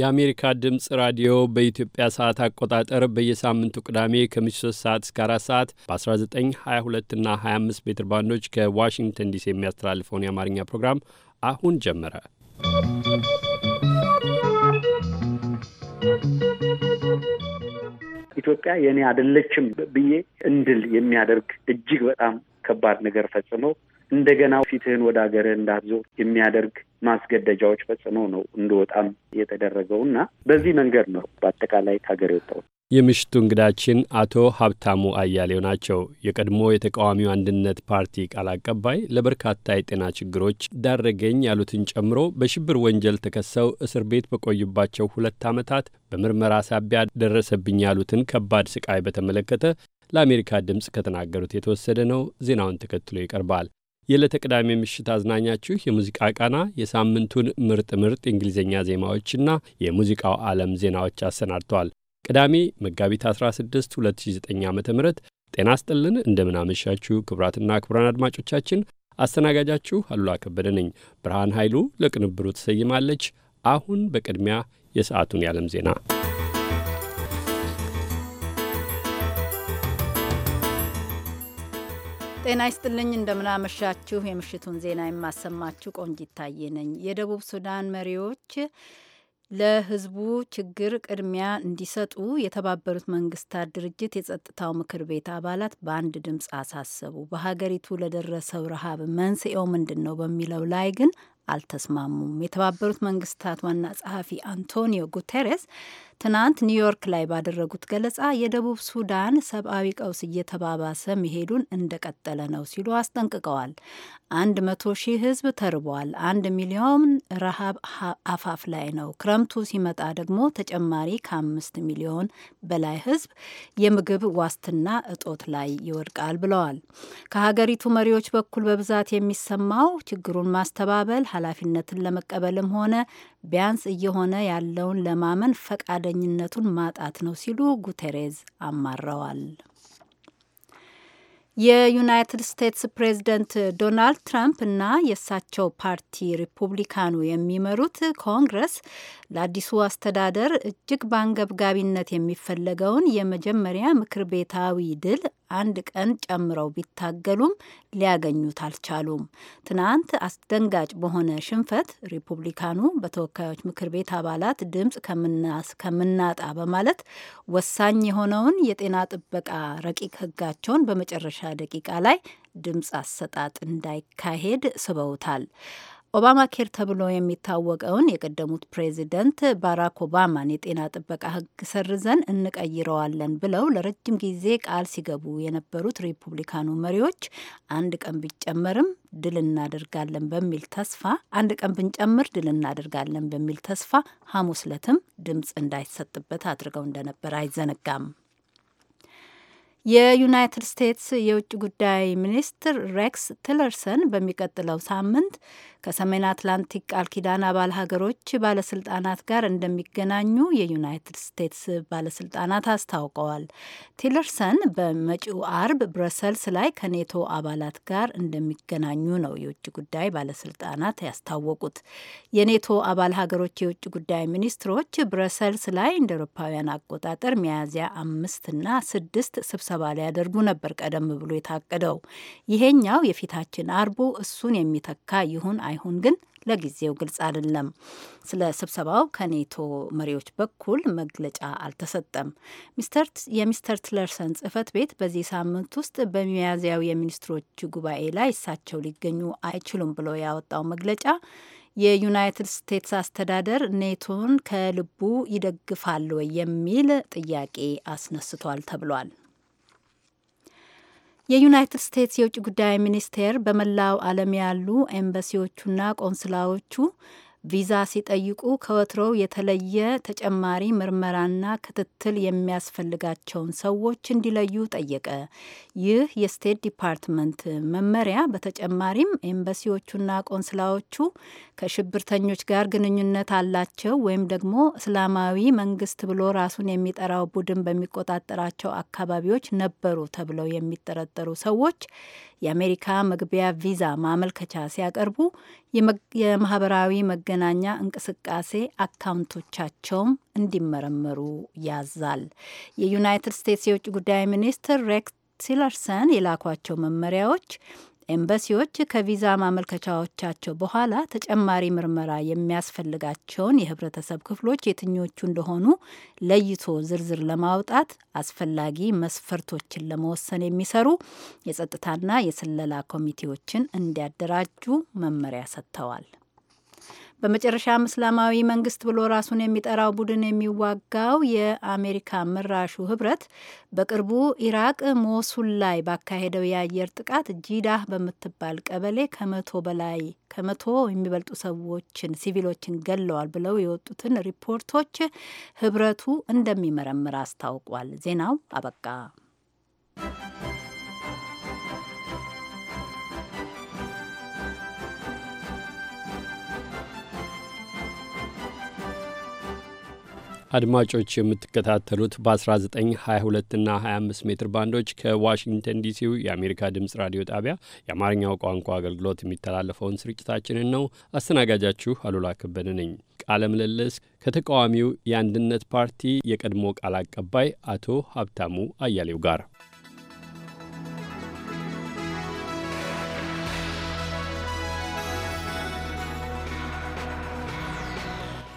የአሜሪካ ድምፅ ራዲዮ በኢትዮጵያ ሰዓት አቆጣጠር በየሳምንቱ ቅዳሜ ከምሽቱ 3 ሰዓት እስከ 4 ሰዓት በ1922 እና 25 ሜትር ባንዶች ከዋሽንግተን ዲሲ የሚያስተላልፈውን የአማርኛ ፕሮግራም አሁን ጀመረ። ኢትዮጵያ የእኔ አይደለችም ብዬ እንድል የሚያደርግ እጅግ በጣም ከባድ ነገር ፈጽመው እንደገና ፊትህን ወደ ሀገርህ እንዳትዞር የሚያደርግ ማስገደጃዎች ፈጽሞ ነው እንደወጣም የተደረገው እና በዚህ መንገድ ነው በአጠቃላይ ከሀገር የወጣው። የምሽቱ እንግዳችን አቶ ሀብታሙ አያሌው ናቸው። የቀድሞ የተቃዋሚው አንድነት ፓርቲ ቃል አቀባይ ለበርካታ የጤና ችግሮች ዳረገኝ ያሉትን ጨምሮ በሽብር ወንጀል ተከሰው እስር ቤት በቆዩባቸው ሁለት ዓመታት በምርመራ ሳቢያ ደረሰብኝ ያሉትን ከባድ ስቃይ በተመለከተ ለአሜሪካ ድምፅ ከተናገሩት የተወሰደ ነው። ዜናውን ተከትሎ ይቀርባል። የዕለተ ቅዳሜ ምሽት አዝናኛችሁ የሙዚቃ ቃና የሳምንቱን ምርጥ ምርጥ የእንግሊዝኛ ዜማዎችና የሙዚቃው ዓለም ዜናዎች አሰናድተዋል። ቅዳሜ መጋቢት 16 2009 ዓ ም ጤና ስጥልን። እንደምናመሻችሁ ክቡራትና ክቡራን አድማጮቻችን አስተናጋጃችሁ አሉላ ከበደ ነኝ። ብርሃን ኃይሉ ለቅንብሩ ትሰይማለች። አሁን በቅድሚያ የሰዓቱን የዓለም ዜና ጤና ይስጥልኝ እንደምናመሻችሁ። የምሽቱን ዜና የማሰማችሁ ቆንጂት ታዬ ነኝ። የደቡብ ሱዳን መሪዎች ለሕዝቡ ችግር ቅድሚያ እንዲሰጡ የተባበሩት መንግስታት ድርጅት የጸጥታው ምክር ቤት አባላት በአንድ ድምፅ አሳሰቡ። በሀገሪቱ ለደረሰው ረሃብ መንስኤው ምንድን ነው በሚለው ላይ ግን አልተስማሙም። የተባበሩት መንግስታት ዋና ጸሐፊ አንቶኒዮ ጉቴሬስ ትናንት ኒውዮርክ ላይ ባደረጉት ገለጻ የደቡብ ሱዳን ሰብአዊ ቀውስ እየተባባሰ መሄዱን እንደቀጠለ ነው ሲሉ አስጠንቅቀዋል። አንድ መቶ ሺህ ህዝብ ተርቧል። አንድ ሚሊዮን ረሃብ አፋፍ ላይ ነው። ክረምቱ ሲመጣ ደግሞ ተጨማሪ ከአምስት ሚሊዮን በላይ ሕዝብ የምግብ ዋስትና እጦት ላይ ይወድቃል ብለዋል። ከሀገሪቱ መሪዎች በኩል በብዛት የሚሰማው ችግሩን ማስተባበል ኃላፊነትን ለመቀበልም ሆነ ቢያንስ እየሆነ ያለውን ለማመን ፈቃደኝነቱን ማጣት ነው ሲሉ ጉተሬዝ አማረዋል። የዩናይትድ ስቴትስ ፕሬዝደንት ዶናልድ ትራምፕ እና የእሳቸው ፓርቲ ሪፑብሊካኑ የሚመሩት ኮንግረስ ለአዲሱ አስተዳደር እጅግ በአንገብጋቢነት የሚፈለገውን የመጀመሪያ ምክር ቤታዊ ድል አንድ ቀን ጨምረው ቢታገሉም ሊያገኙት አልቻሉም። ትናንት አስደንጋጭ በሆነ ሽንፈት ሪፑብሊካኑ በተወካዮች ምክር ቤት አባላት ድምፅ ከምናጣ በማለት ወሳኝ የሆነውን የጤና ጥበቃ ረቂቅ ሕጋቸውን በመጨረሻ ደቂቃ ላይ ድምፅ አሰጣጥ እንዳይካሄድ ስበውታል። ኦባማ ኬር ተብሎ የሚታወቀውን የቀደሙት ፕሬዚደንት ባራክ ኦባማን የጤና ጥበቃ ሕግ ሰርዘን እንቀይረዋለን ብለው ለረጅም ጊዜ ቃል ሲገቡ የነበሩት ሪፑብሊካኑ መሪዎች አንድ ቀን ቢጨመርም ድል እናደርጋለን በሚል ተስፋ አንድ ቀን ብንጨምር ድል እናደርጋለን በሚል ተስፋ ሐሙስ ዕለትም ድምፅ እንዳይሰጥበት አድርገው እንደነበር አይዘነጋም። የዩናይትድ ስቴትስ የውጭ ጉዳይ ሚኒስትር ሬክስ ቲለርሰን በሚቀጥለው ሳምንት ከሰሜን አትላንቲክ ቃል ኪዳን አባል ሀገሮች ባለስልጣናት ጋር እንደሚገናኙ የዩናይትድ ስቴትስ ባለስልጣናት አስታውቀዋል። ቲለርሰን በመጪው አርብ ብረሰልስ ላይ ከኔቶ አባላት ጋር እንደሚገናኙ ነው የውጭ ጉዳይ ባለስልጣናት ያስታወቁት። የኔቶ አባል ሀገሮች የውጭ ጉዳይ ሚኒስትሮች ብረሰልስ ላይ እንደ አውሮፓውያን አቆጣጠር ሚያዝያ አምስትና ስድስት ስብሰባ ሊያደርጉ ነበር ቀደም ብሎ የታቀደው። ይሄኛው የፊታችን አርቡ እሱን የሚተካ ይሁን አይ እንደማይሆን ግን ለጊዜው ግልጽ አይደለም። ስለ ስብሰባው ከኔቶ መሪዎች በኩል መግለጫ አልተሰጠም። የሚስተር ትለርሰን ጽህፈት ቤት በዚህ ሳምንት ውስጥ በሚያዝያው የሚኒስትሮች ጉባኤ ላይ እሳቸው ሊገኙ አይችሉም ብሎ ያወጣው መግለጫ የዩናይትድ ስቴትስ አስተዳደር ኔቶን ከልቡ ይደግፋል ወይ የሚል ጥያቄ አስነስቷል ተብሏል። የዩናይትድ ስቴትስ የውጭ ጉዳይ ሚኒስቴር በመላው ዓለም ያሉ ኤምባሲዎቹና ቆንስላዎቹ ቪዛ ሲጠይቁ ከወትሮው የተለየ ተጨማሪ ምርመራና ክትትል የሚያስፈልጋቸውን ሰዎች እንዲለዩ ጠየቀ። ይህ የስቴት ዲፓርትመንት መመሪያ በተጨማሪም ኤምባሲዎቹና ቆንስላዎቹ ከሽብርተኞች ጋር ግንኙነት አላቸው ወይም ደግሞ እስላማዊ መንግስት ብሎ ራሱን የሚጠራው ቡድን በሚቆጣጠራቸው አካባቢዎች ነበሩ ተብለው የሚጠረጠሩ ሰዎች የአሜሪካ መግቢያ ቪዛ ማመልከቻ ሲያቀርቡ የማህበራዊ መገናኛ እንቅስቃሴ አካውንቶቻቸውም እንዲመረመሩ ያዛል። የዩናይትድ ስቴትስ የውጭ ጉዳይ ሚኒስትር ሬክስ ቲለርሰን የላኳቸው መመሪያዎች ኤምባሲዎች ከቪዛ ማመልከቻዎቻቸው በኋላ ተጨማሪ ምርመራ የሚያስፈልጋቸውን የህብረተሰብ ክፍሎች የትኞቹ እንደሆኑ ለይቶ ዝርዝር ለማውጣት አስፈላጊ መስፈርቶችን ለመወሰን የሚሰሩ የጸጥታና የስለላ ኮሚቴዎችን እንዲያደራጁ መመሪያ ሰጥተዋል። በመጨረሻም እስላማዊ መንግስት ብሎ ራሱን የሚጠራው ቡድን የሚዋጋው የአሜሪካ ምራሹ ህብረት በቅርቡ ኢራቅ ሞሱል ላይ ባካሄደው የአየር ጥቃት ጂዳህ በምትባል ቀበሌ ከመቶ በላይ ከመቶ የሚበልጡ ሰዎችን ሲቪሎችን ገለዋል ብለው የወጡትን ሪፖርቶች ህብረቱ እንደሚመረምር አስታውቋል። ዜናው አበቃ። አድማጮች የምትከታተሉት በ1922 እና 25 ሜትር ባንዶች ከዋሽንግተን ዲሲው የአሜሪካ ድምፅ ራዲዮ ጣቢያ የአማርኛው ቋንቋ አገልግሎት የሚተላለፈውን ስርጭታችንን ነው። አስተናጋጃችሁ አሉላ ከበደ ነኝ። ቃለ ምልልስ ከተቃዋሚው የአንድነት ፓርቲ የቀድሞ ቃል አቀባይ አቶ ሀብታሙ አያሌው ጋር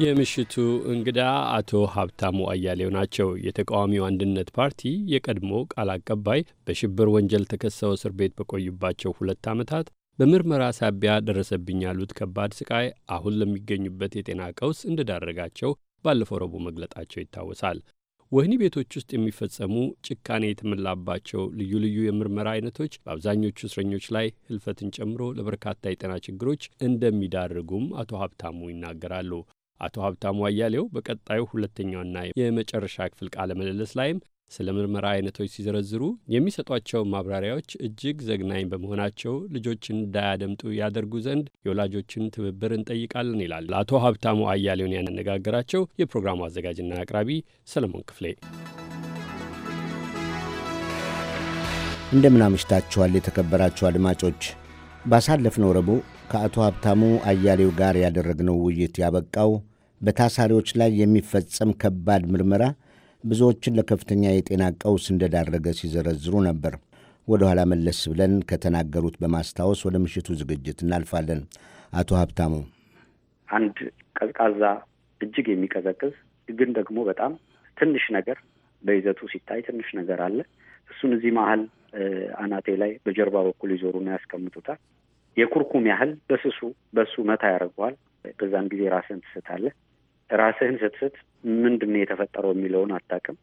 የምሽቱ እንግዳ አቶ ሀብታሙ አያሌው ናቸው። የተቃዋሚው አንድነት ፓርቲ የቀድሞ ቃል አቀባይ በሽብር ወንጀል ተከሰው እስር ቤት በቆዩባቸው ሁለት ዓመታት በምርመራ ሳቢያ ደረሰብኝ ያሉት ከባድ ስቃይ አሁን ለሚገኙበት የጤና ቀውስ እንደዳረጋቸው ባለፈው ረቡዕ መግለጣቸው ይታወሳል። ወህኒ ቤቶች ውስጥ የሚፈጸሙ ጭካኔ የተሞላባቸው ልዩ ልዩ የምርመራ አይነቶች በአብዛኞቹ እስረኞች ላይ ህልፈትን ጨምሮ ለበርካታ የጤና ችግሮች እንደሚዳርጉም አቶ ሀብታሙ ይናገራሉ። አቶ ሀብታሙ አያሌው በቀጣዩ ሁለተኛውና የመጨረሻ ክፍል ቃለ ምልልስ ላይም ስለ ምርመራ አይነቶች ሲዘረዝሩ የሚሰጧቸው ማብራሪያዎች እጅግ ዘግናኝ በመሆናቸው ልጆች እንዳያደምጡ ያደርጉ ዘንድ የወላጆችን ትብብር እንጠይቃለን ይላል ለአቶ ሀብታሙ አያሌውን ያነጋገራቸው የፕሮግራሙ አዘጋጅና አቅራቢ ሰለሞን ክፍሌ። እንደምናምሽታችኋል የተከበራችሁ አድማጮች። ባሳለፍነው ረቡዕ ከአቶ ሀብታሙ አያሌው ጋር ያደረግነው ውይይት ያበቃው በታሳሪዎች ላይ የሚፈጸም ከባድ ምርመራ ብዙዎችን ለከፍተኛ የጤና ቀውስ እንደዳረገ ሲዘረዝሩ ነበር። ወደ ኋላ መለስ ብለን ከተናገሩት በማስታወስ ወደ ምሽቱ ዝግጅት እናልፋለን። አቶ ሀብታሙ፣ አንድ ቀዝቃዛ እጅግ የሚቀዘቅዝ ግን ደግሞ በጣም ትንሽ ነገር በይዘቱ ሲታይ ትንሽ ነገር አለ። እሱን እዚህ መሀል አናቴ ላይ በጀርባ በኩል ይዞሩና ያስቀምጡታል። የኩርኩም ያህል በስሱ በሱ መታ ያደርገዋል። በዛን ጊዜ ራስን ትስታለህ። ራስህን ስትስት ምንድን ነው የተፈጠረው የሚለውን አታውቅም።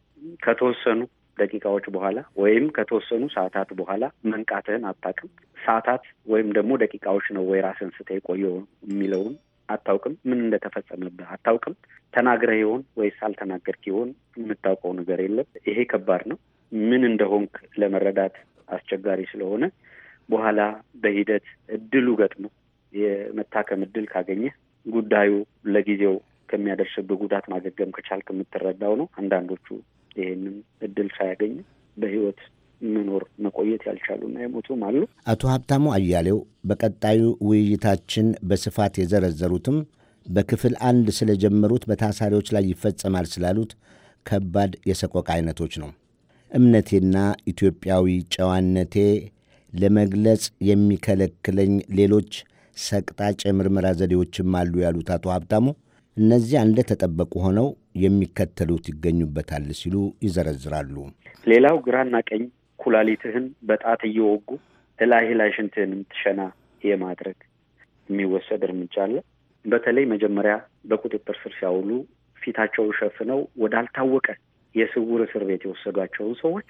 ከተወሰኑ ደቂቃዎች በኋላ ወይም ከተወሰኑ ሰዓታት በኋላ መንቃትህን አታውቅም። ሰዓታት ወይም ደግሞ ደቂቃዎች ነው ወይ ራስህን ስተህ የቆየው የሚለውን አታውቅም። ምን እንደተፈጸመብህ አታውቅም። ተናግረህ ይሆን ወይስ አልተናገርክ ይሆን የምታውቀው ነገር የለም። ይሄ ከባድ ነው። ምን እንደሆንክ ለመረዳት አስቸጋሪ ስለሆነ በኋላ በሂደት እድሉ ገጥሞ የመታከም እድል ካገኘህ ጉዳዩ ለጊዜው ከሚያደርስብህ ጉዳት ማገገም ከቻልክ የምትረዳው ነው። አንዳንዶቹ ይህንን እድል ሳያገኙ በህይወት መኖር መቆየት ያልቻሉና የሞቱም አሉ። አቶ ሀብታሙ አያሌው በቀጣዩ ውይይታችን በስፋት የዘረዘሩትም በክፍል አንድ ስለጀመሩት በታሳሪዎች ላይ ይፈጸማል ስላሉት ከባድ የሰቆቃ አይነቶች ነው። እምነቴና ኢትዮጵያዊ ጨዋነቴ ለመግለጽ የሚከለክለኝ ሌሎች ሰቅጣጭ የምርመራ ዘዴዎችም አሉ ያሉት አቶ ሀብታሙ እነዚያ እንደተጠበቁ ሆነው የሚከተሉት ይገኙበታል ሲሉ ይዘረዝራሉ። ሌላው ግራና ቀኝ ኩላሊትህን በጣት እየወጉ እላይ ላይ ሽንትህን የምትሸና የማድረግ የሚወሰድ እርምጃ አለ። በተለይ መጀመሪያ በቁጥጥር ስር ሲያውሉ ፊታቸው ሸፍነው ወዳልታወቀ የስውር እስር ቤት የወሰዷቸውን ሰዎች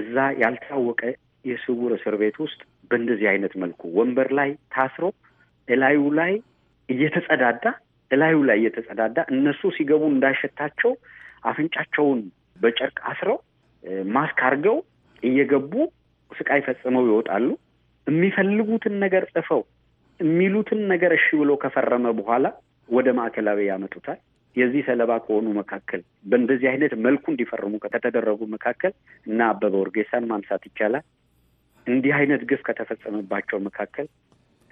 እዛ ያልታወቀ የስውር እስር ቤት ውስጥ በእንደዚህ አይነት መልኩ ወንበር ላይ ታስሮ እላዩ ላይ እየተጸዳዳ እላዩ ላይ የተጸዳዳ እነሱ ሲገቡ እንዳይሸታቸው አፍንጫቸውን በጨርቅ አስረው ማስክ አድርገው እየገቡ ስቃይ ፈጽመው ይወጣሉ። የሚፈልጉትን ነገር ጽፈው የሚሉትን ነገር እሺ ብሎ ከፈረመ በኋላ ወደ ማዕከላዊ ያመጡታል። የዚህ ሰለባ ከሆኑ መካከል በእንደዚህ አይነት መልኩ እንዲፈርሙ ከተደረጉ መካከል እና አበበ ወርጌሳን ማንሳት ይቻላል። እንዲህ አይነት ግፍ ከተፈጸመባቸው መካከል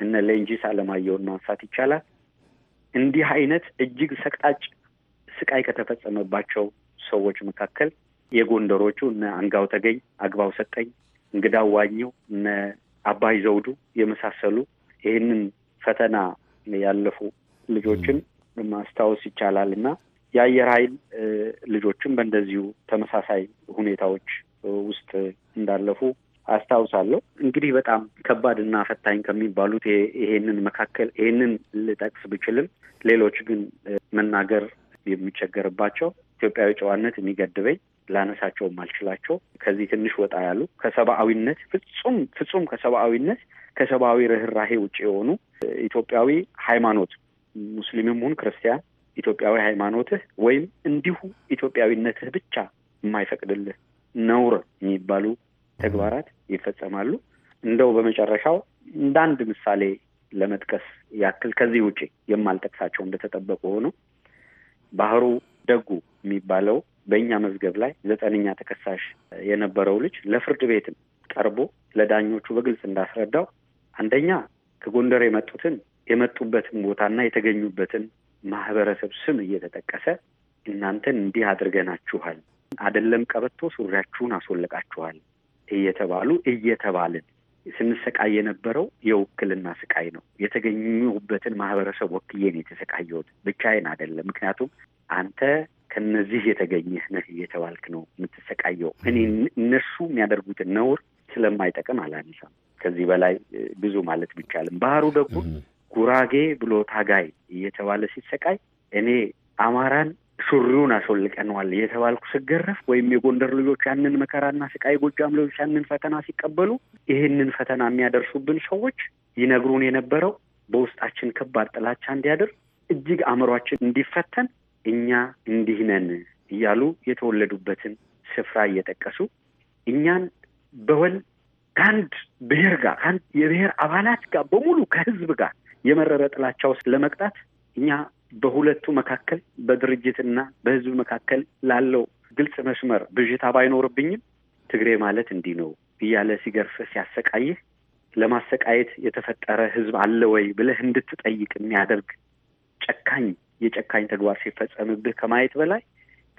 እነ ሌንጂስ አለማየሁን ማንሳት ይቻላል። እንዲህ አይነት እጅግ ሰቅጣጭ ስቃይ ከተፈጸመባቸው ሰዎች መካከል የጎንደሮቹ እነ አንጋው ተገኝ፣ አግባው ሰጠኝ፣ እንግዳው ዋኘው፣ እነ አባይ ዘውዱ የመሳሰሉ ይህንን ፈተና ያለፉ ልጆችን ማስታወስ ይቻላል እና የአየር ኃይል ልጆችም በእንደዚሁ ተመሳሳይ ሁኔታዎች ውስጥ እንዳለፉ አስታውሳለሁ። እንግዲህ በጣም ከባድና ፈታኝ ከሚባሉት ይሄንን መካከል ይሄንን ልጠቅስ ብችልም ሌሎች ግን መናገር የሚቸገርባቸው ኢትዮጵያዊ ጨዋነት የሚገድበኝ ላነሳቸውም አልችላቸው ከዚህ ትንሽ ወጣ ያሉ ከሰብአዊነት ፍጹም ፍጹም ከሰብአዊነት ከሰብአዊ ርኅራሄ ውጭ የሆኑ ኢትዮጵያዊ ሃይማኖት ሙስሊምም ሁን ክርስቲያን ኢትዮጵያዊ ሃይማኖትህ ወይም እንዲሁ ኢትዮጵያዊነትህ ብቻ የማይፈቅድልህ ነውር የሚባሉ ተግባራት ይፈጸማሉ። እንደው በመጨረሻው እንደ አንድ ምሳሌ ለመጥቀስ ያክል ከዚህ ውጪ የማልጠቅሳቸው እንደተጠበቁ ሆኖ ባህሩ ደጉ የሚባለው በእኛ መዝገብ ላይ ዘጠነኛ ተከሳሽ የነበረው ልጅ ለፍርድ ቤትም ቀርቦ ለዳኞቹ በግልጽ እንዳስረዳው አንደኛ ከጎንደር የመጡትን የመጡበትን ቦታና የተገኙበትን ማህበረሰብ ስም እየተጠቀሰ እናንተን እንዲህ አድርገናችኋል፣ አደለም ቀበቶ ሱሪያችሁን አስወለቃችኋል፣ እየተባሉ እየተባልን ስንሰቃይ የነበረው የውክልና ስቃይ ነው። የተገኙበትን ማህበረሰብ ወክዬ ነው የተሰቃየሁት። ብቻዬን አይደለም። ምክንያቱም አንተ ከነዚህ የተገኘህ ነህ እየተባልክ ነው የምትሰቃየው። እኔ እነሱ የሚያደርጉትን ነውር ስለማይጠቅም አላነሳም። ከዚህ በላይ ብዙ ማለት ቢቻልም ባህሩ ደግሞ ጉራጌ ብሎ ታጋይ እየተባለ ሲሰቃይ እኔ አማራን ሱሪውን አስወልቀነዋል የተባልኩ ስገረፍ ወይም የጎንደር ልጆች ያንን መከራና ስቃይ፣ ጎጃም ልጆች ያንን ፈተና ሲቀበሉ ይህንን ፈተና የሚያደርሱብን ሰዎች ይነግሩን የነበረው በውስጣችን ከባድ ጥላቻ እንዲያድር እጅግ አእምሯችን እንዲፈተን እኛ እንዲህ ነን እያሉ የተወለዱበትን ስፍራ እየጠቀሱ እኛን በወል ከአንድ ብሔር ጋር ከአንድ የብሔር አባላት ጋር በሙሉ ከህዝብ ጋር የመረረ ጥላቻ ውስጥ ለመቅጣት እኛ በሁለቱ መካከል በድርጅትና በህዝብ መካከል ላለው ግልጽ መስመር ብዥታ ባይኖርብኝም ትግሬ ማለት እንዲህ ነው እያለ ሲገርፍ ሲያሰቃይህ ለማሰቃየት የተፈጠረ ህዝብ አለ ወይ ብለህ እንድትጠይቅ የሚያደርግ ጨካኝ የጨካኝ ተግባር ሲፈጸምብህ ከማየት በላይ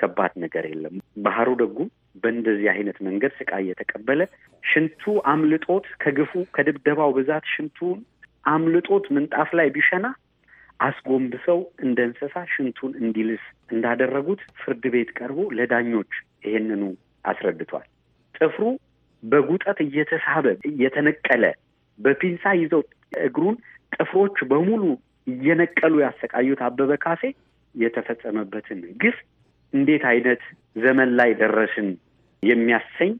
ከባድ ነገር የለም። ባህሩ ደጉ በእንደዚህ አይነት መንገድ ስቃይ የተቀበለ ሽንቱ አምልጦት ከግፉ ከድብደባው ብዛት ሽንቱን አምልጦት ምንጣፍ ላይ ቢሸና አስጎንብሰው እንደ እንስሳ ሽንቱን እንዲልስ እንዳደረጉት ፍርድ ቤት ቀርቦ ለዳኞች ይሄንኑ አስረድቷል። ጥፍሩ በጉጠት እየተሳበ እየተነቀለ በፒንሳ ይዘው እግሩን ጥፍሮች በሙሉ እየነቀሉ ያሰቃዩት አበበ ካሴ የተፈጸመበትን ግፍ እንዴት አይነት ዘመን ላይ ደረስን የሚያሰኝ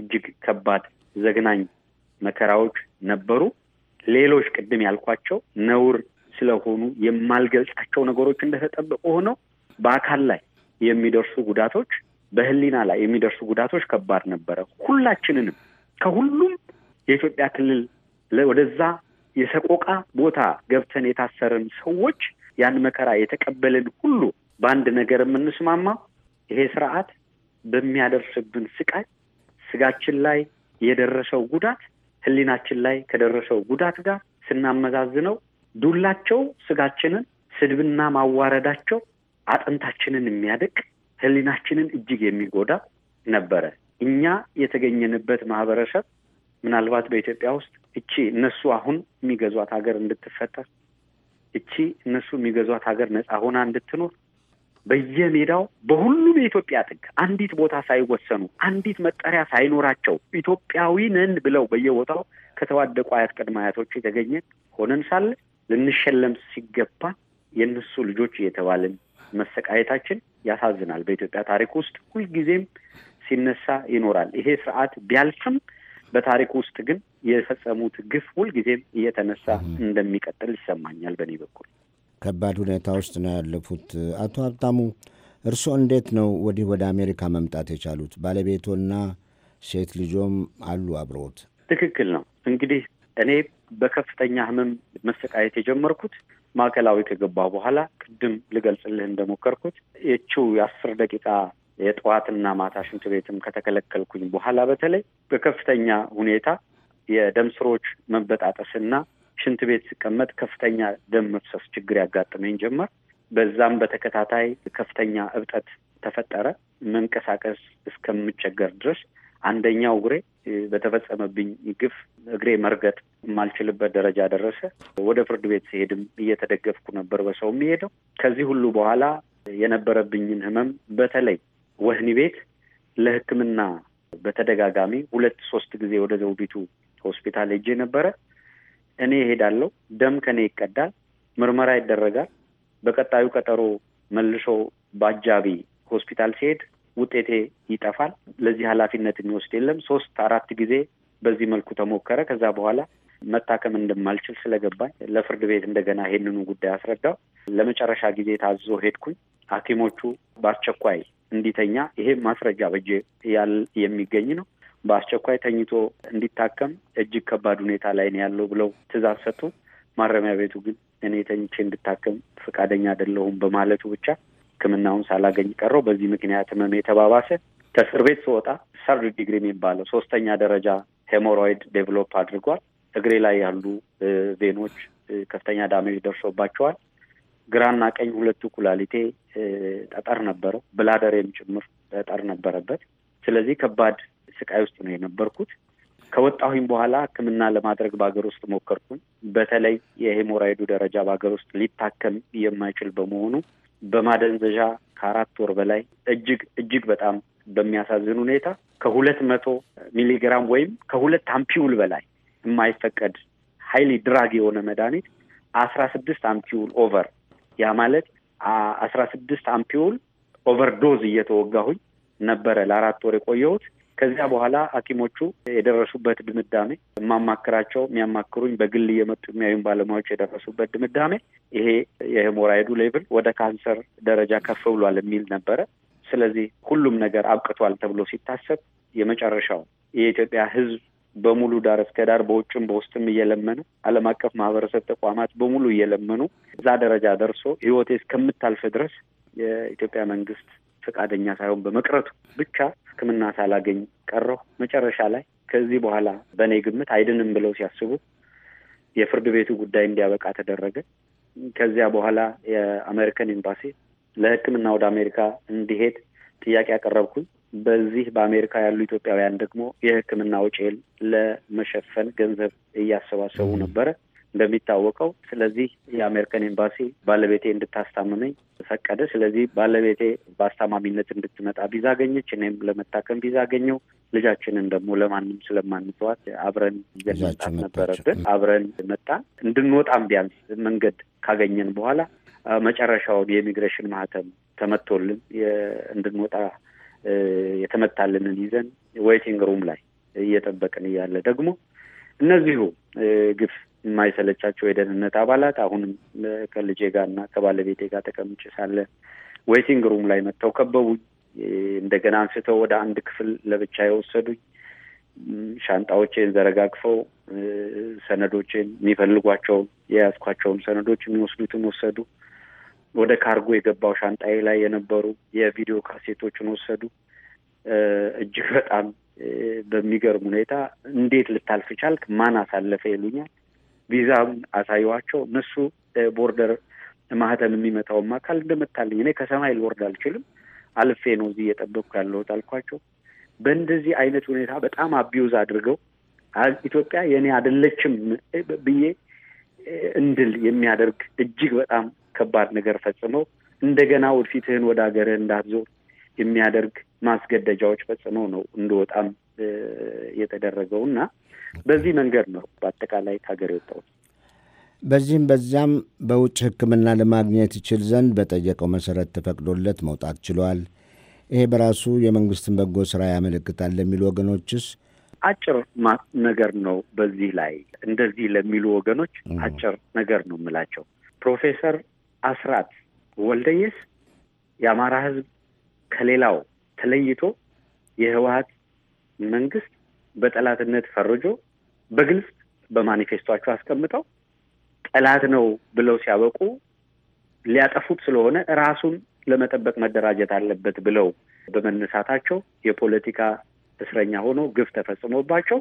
እጅግ ከባድ ዘግናኝ መከራዎች ነበሩ። ሌሎች ቅድም ያልኳቸው ነውር ስለሆኑ የማልገልጻቸው ነገሮች እንደተጠበቁ ሆነው በአካል ላይ የሚደርሱ ጉዳቶች፣ በህሊና ላይ የሚደርሱ ጉዳቶች ከባድ ነበረ። ሁላችንንም ከሁሉም የኢትዮጵያ ክልል ወደዛ የሰቆቃ ቦታ ገብተን የታሰረን ሰዎች ያን መከራ የተቀበልን ሁሉ በአንድ ነገር የምንስማማ ይሄ ስርዓት በሚያደርስብን ስቃይ ስጋችን ላይ የደረሰው ጉዳት ህሊናችን ላይ ከደረሰው ጉዳት ጋር ስናመዛዝነው ዱላቸው ስጋችንን፣ ስድብና ማዋረዳቸው አጥንታችንን የሚያደቅ ህሊናችንን እጅግ የሚጎዳ ነበረ። እኛ የተገኘንበት ማህበረሰብ ምናልባት በኢትዮጵያ ውስጥ እቺ እነሱ አሁን የሚገዟት ሀገር እንድትፈጠር እቺ እነሱ የሚገዟት ሀገር ነፃ ሆና እንድትኖር በየሜዳው በሁሉም የኢትዮጵያ ጥግ አንዲት ቦታ ሳይወሰኑ አንዲት መጠሪያ ሳይኖራቸው ኢትዮጵያዊ ነን ብለው በየቦታው ከተዋደቁ አያት ቅድመ አያቶች የተገኘ ሆነን ሳለ ልንሸለም ሲገባ የእነሱ ልጆች እየተባልን መሰቃየታችን ያሳዝናል። በኢትዮጵያ ታሪክ ውስጥ ሁልጊዜም ሲነሳ ይኖራል። ይሄ ስርዓት ቢያልፍም በታሪክ ውስጥ ግን የፈጸሙት ግፍ ሁልጊዜም እየተነሳ እንደሚቀጥል ይሰማኛል። በእኔ በኩል ከባድ ሁኔታ ውስጥ ነው ያለፉት። አቶ ሀብታሙ እርስዎ እንዴት ነው ወዲህ ወደ አሜሪካ መምጣት የቻሉት? ባለቤቶና ሴት ልጆም አሉ አብረዎት? ትክክል ነው እንግዲህ እኔ በከፍተኛ ህመም መሰቃየት የጀመርኩት ማዕከላዊ ከገባ በኋላ ቅድም ልገልጽልህ እንደሞከርኩት የችው የአስር ደቂቃ የጠዋትና ማታ ሽንት ቤትም ከተከለከልኩኝ በኋላ በተለይ በከፍተኛ ሁኔታ የደም ስሮች መበጣጠስና ሽንት ቤት ሲቀመጥ ከፍተኛ ደም መፍሰስ ችግር ያጋጥመኝ ጀመር። በዛም በተከታታይ ከፍተኛ እብጠት ተፈጠረ። መንቀሳቀስ እስከምቸገር ድረስ አንደኛው እግሬ በተፈጸመብኝ ግፍ እግሬ መርገጥ የማልችልበት ደረጃ ደረሰ። ወደ ፍርድ ቤት ሲሄድም እየተደገፍኩ ነበር በሰው የሚሄደው። ከዚህ ሁሉ በኋላ የነበረብኝን ህመም በተለይ ወህኒ ቤት ለሕክምና በተደጋጋሚ ሁለት ሶስት ጊዜ ወደ ዘውዲቱ ሆስፒታል ሄጄ ነበረ። እኔ እሄዳለሁ፣ ደም ከኔ ይቀዳል፣ ምርመራ ይደረጋል። በቀጣዩ ቀጠሮ መልሶ በአጃቢ ሆስፒታል ሲሄድ ውጤቴ ይጠፋል። ለዚህ ኃላፊነት የሚወስድ የለም። ሶስት አራት ጊዜ በዚህ መልኩ ተሞከረ። ከዛ በኋላ መታከም እንደማልችል ስለገባኝ ለፍርድ ቤት እንደገና ይሄንኑ ጉዳይ አስረዳው። ለመጨረሻ ጊዜ ታዞ ሄድኩኝ። ሐኪሞቹ በአስቸኳይ እንዲተኛ ይሄ ማስረጃ በእጄ ያል የሚገኝ ነው። በአስቸኳይ ተኝቶ እንዲታከም እጅግ ከባድ ሁኔታ ላይ ነው ያለው ብለው ትዕዛዝ ሰጡ። ማረሚያ ቤቱ ግን እኔ ተኝቼ እንድታከም ፈቃደኛ አይደለሁም በማለቱ ብቻ ሕክምናውን ሳላገኝ ቀረው። በዚህ ምክንያት ህመም የተባባሰ ከእስር ቤት ስወጣ ሰርድ ዲግሪ የሚባለው ሶስተኛ ደረጃ ሄሞሮይድ ዴቨሎፕ አድርጓል። እግሬ ላይ ያሉ ቬኖች ከፍተኛ ዳሜጅ ደርሶባቸዋል። ግራና ቀኝ ሁለቱ ኩላሊቴ ጠጠር ነበረው። ብላደሬም ጭምር ጠጠር ነበረበት። ስለዚህ ከባድ ስቃይ ውስጥ ነው የነበርኩት። ከወጣሁኝ በኋላ ህክምና ለማድረግ በሀገር ውስጥ ሞከርኩኝ። በተለይ የሄሞራይዱ ደረጃ በሀገር ውስጥ ሊታከም የማይችል በመሆኑ በማደንዘዣ ከአራት ወር በላይ እጅግ እጅግ በጣም በሚያሳዝን ሁኔታ ከሁለት መቶ ሚሊግራም ወይም ከሁለት አምፒውል በላይ የማይፈቀድ ሀይሊ ድራግ የሆነ መድኃኒት አስራ ስድስት አምፒውል ኦቨር ያ ማለት አስራ ስድስት አምፒውል ኦቨር ዶዝ እየተወጋሁኝ ነበረ ለአራት ወር የቆየሁት። ከዚያ በኋላ ሐኪሞቹ የደረሱበት ድምዳሜ የማማክራቸው የሚያማክሩኝ በግል እየመጡ የሚያዩን ባለሙያዎች የደረሱበት ድምዳሜ ይሄ የሄሞራይዱ ሌብል ወደ ካንሰር ደረጃ ከፍ ብሏል የሚል ነበረ። ስለዚህ ሁሉም ነገር አብቅቷል ተብሎ ሲታሰብ የመጨረሻው የኢትዮጵያ ሕዝብ በሙሉ ዳር እስከ ዳር በውጭም በውስጥም እየለመነ ዓለም አቀፍ ማህበረሰብ ተቋማት በሙሉ እየለመኑ እዛ ደረጃ ደርሶ ህይወቴ እስከምታልፍ ድረስ የኢትዮጵያ መንግስት ፈቃደኛ ሳይሆን በመቅረቱ ብቻ ሕክምና ሳላገኝ ቀረሁ። መጨረሻ ላይ ከዚህ በኋላ በእኔ ግምት አይድንም ብለው ሲያስቡ የፍርድ ቤቱ ጉዳይ እንዲያበቃ ተደረገ። ከዚያ በኋላ የአሜሪካን ኤምባሲ ለሕክምና ወደ አሜሪካ እንዲሄድ ጥያቄ ያቀረብኩኝ በዚህ በአሜሪካ ያሉ ኢትዮጵያውያን ደግሞ የሕክምና ወጪን ለመሸፈን ገንዘብ እያሰባሰቡ ነበረ። እንደሚታወቀው። ስለዚህ የአሜሪካን ኤምባሲ ባለቤቴ እንድታስታምመኝ ፈቀደ። ስለዚህ ባለቤቴ በአስታማሚነት እንድትመጣ ቪዛ አገኘች። እኔም ለመታከም ቪዛ አገኘው። ልጃችንን ደግሞ ለማንም ስለማንተዋት አብረን ዘመጣት ነበረብን። አብረን መጣን። እንድንወጣም ቢያንስ መንገድ ካገኘን በኋላ መጨረሻውን የኢሚግሬሽን ማህተም ተመቶልን እንድንወጣ የተመታልንን ይዘን ዌይቲንግ ሩም ላይ እየጠበቅን እያለ ደግሞ እነዚሁ ግፍ የማይሰለቻቸው የደህንነት አባላት አሁንም ከልጄ ጋር እና ከባለቤቴ ጋር ተቀምጬ ሳለ ዌይቲንግ ሩም ላይ መጥተው ከበቡኝ። እንደገና አንስተው ወደ አንድ ክፍል ለብቻ የወሰዱኝ፣ ሻንጣዎቼን ዘረጋግፈው ሰነዶቼን፣ የሚፈልጓቸውን የያዝኳቸውን ሰነዶች የሚወስዱትን ወሰዱ። ወደ ካርጎ የገባው ሻንጣዬ ላይ የነበሩ የቪዲዮ ካሴቶችን ወሰዱ። እጅግ በጣም በሚገርም ሁኔታ እንዴት ልታልፍ ቻልክ? ማን አሳለፈ? ይሉኛል። ቪዛውን አሳየኋቸው። እነሱ ቦርደር ማህተም የሚመታውም አካል እንደመታልኝ እኔ ከሰማይ ልወርድ አልችልም፣ አልፌ ነው እዚህ እየጠበቅኩ ያለሁት አልኳቸው። በእንደዚህ አይነት ሁኔታ በጣም አቢዩዝ አድርገው ኢትዮጵያ የእኔ አይደለችም ብዬ እንድል የሚያደርግ እጅግ በጣም ከባድ ነገር ፈጽመው እንደገና ወደፊትህን ወደ ሀገርህ እንዳትዞር የሚያደርግ ማስገደጃዎች ፈጽመው ነው እንደወጣም የተደረገው እና በዚህ መንገድ ነው በአጠቃላይ ከሀገር የወጣው በዚህም በዚያም በውጭ ሕክምና ለማግኘት ይችል ዘንድ በጠየቀው መሰረት ተፈቅዶለት መውጣት ችሏል። ይሄ በራሱ የመንግስትን በጎ ስራ ያመለክታል ለሚሉ ወገኖችስ አጭር ነገር ነው። በዚህ ላይ እንደዚህ ለሚሉ ወገኖች አጭር ነገር ነው የምላቸው። ፕሮፌሰር አስራት ወልደየስ የአማራ ህዝብ ከሌላው ተለይቶ የህወሀት መንግስት በጠላትነት ፈርጆ በግልጽ በማኒፌስቷቸው አስቀምጠው ጠላት ነው ብለው ሲያበቁ ሊያጠፉት ስለሆነ ራሱን ለመጠበቅ መደራጀት አለበት ብለው በመነሳታቸው የፖለቲካ እስረኛ ሆኖ ግፍ ተፈጽሞባቸው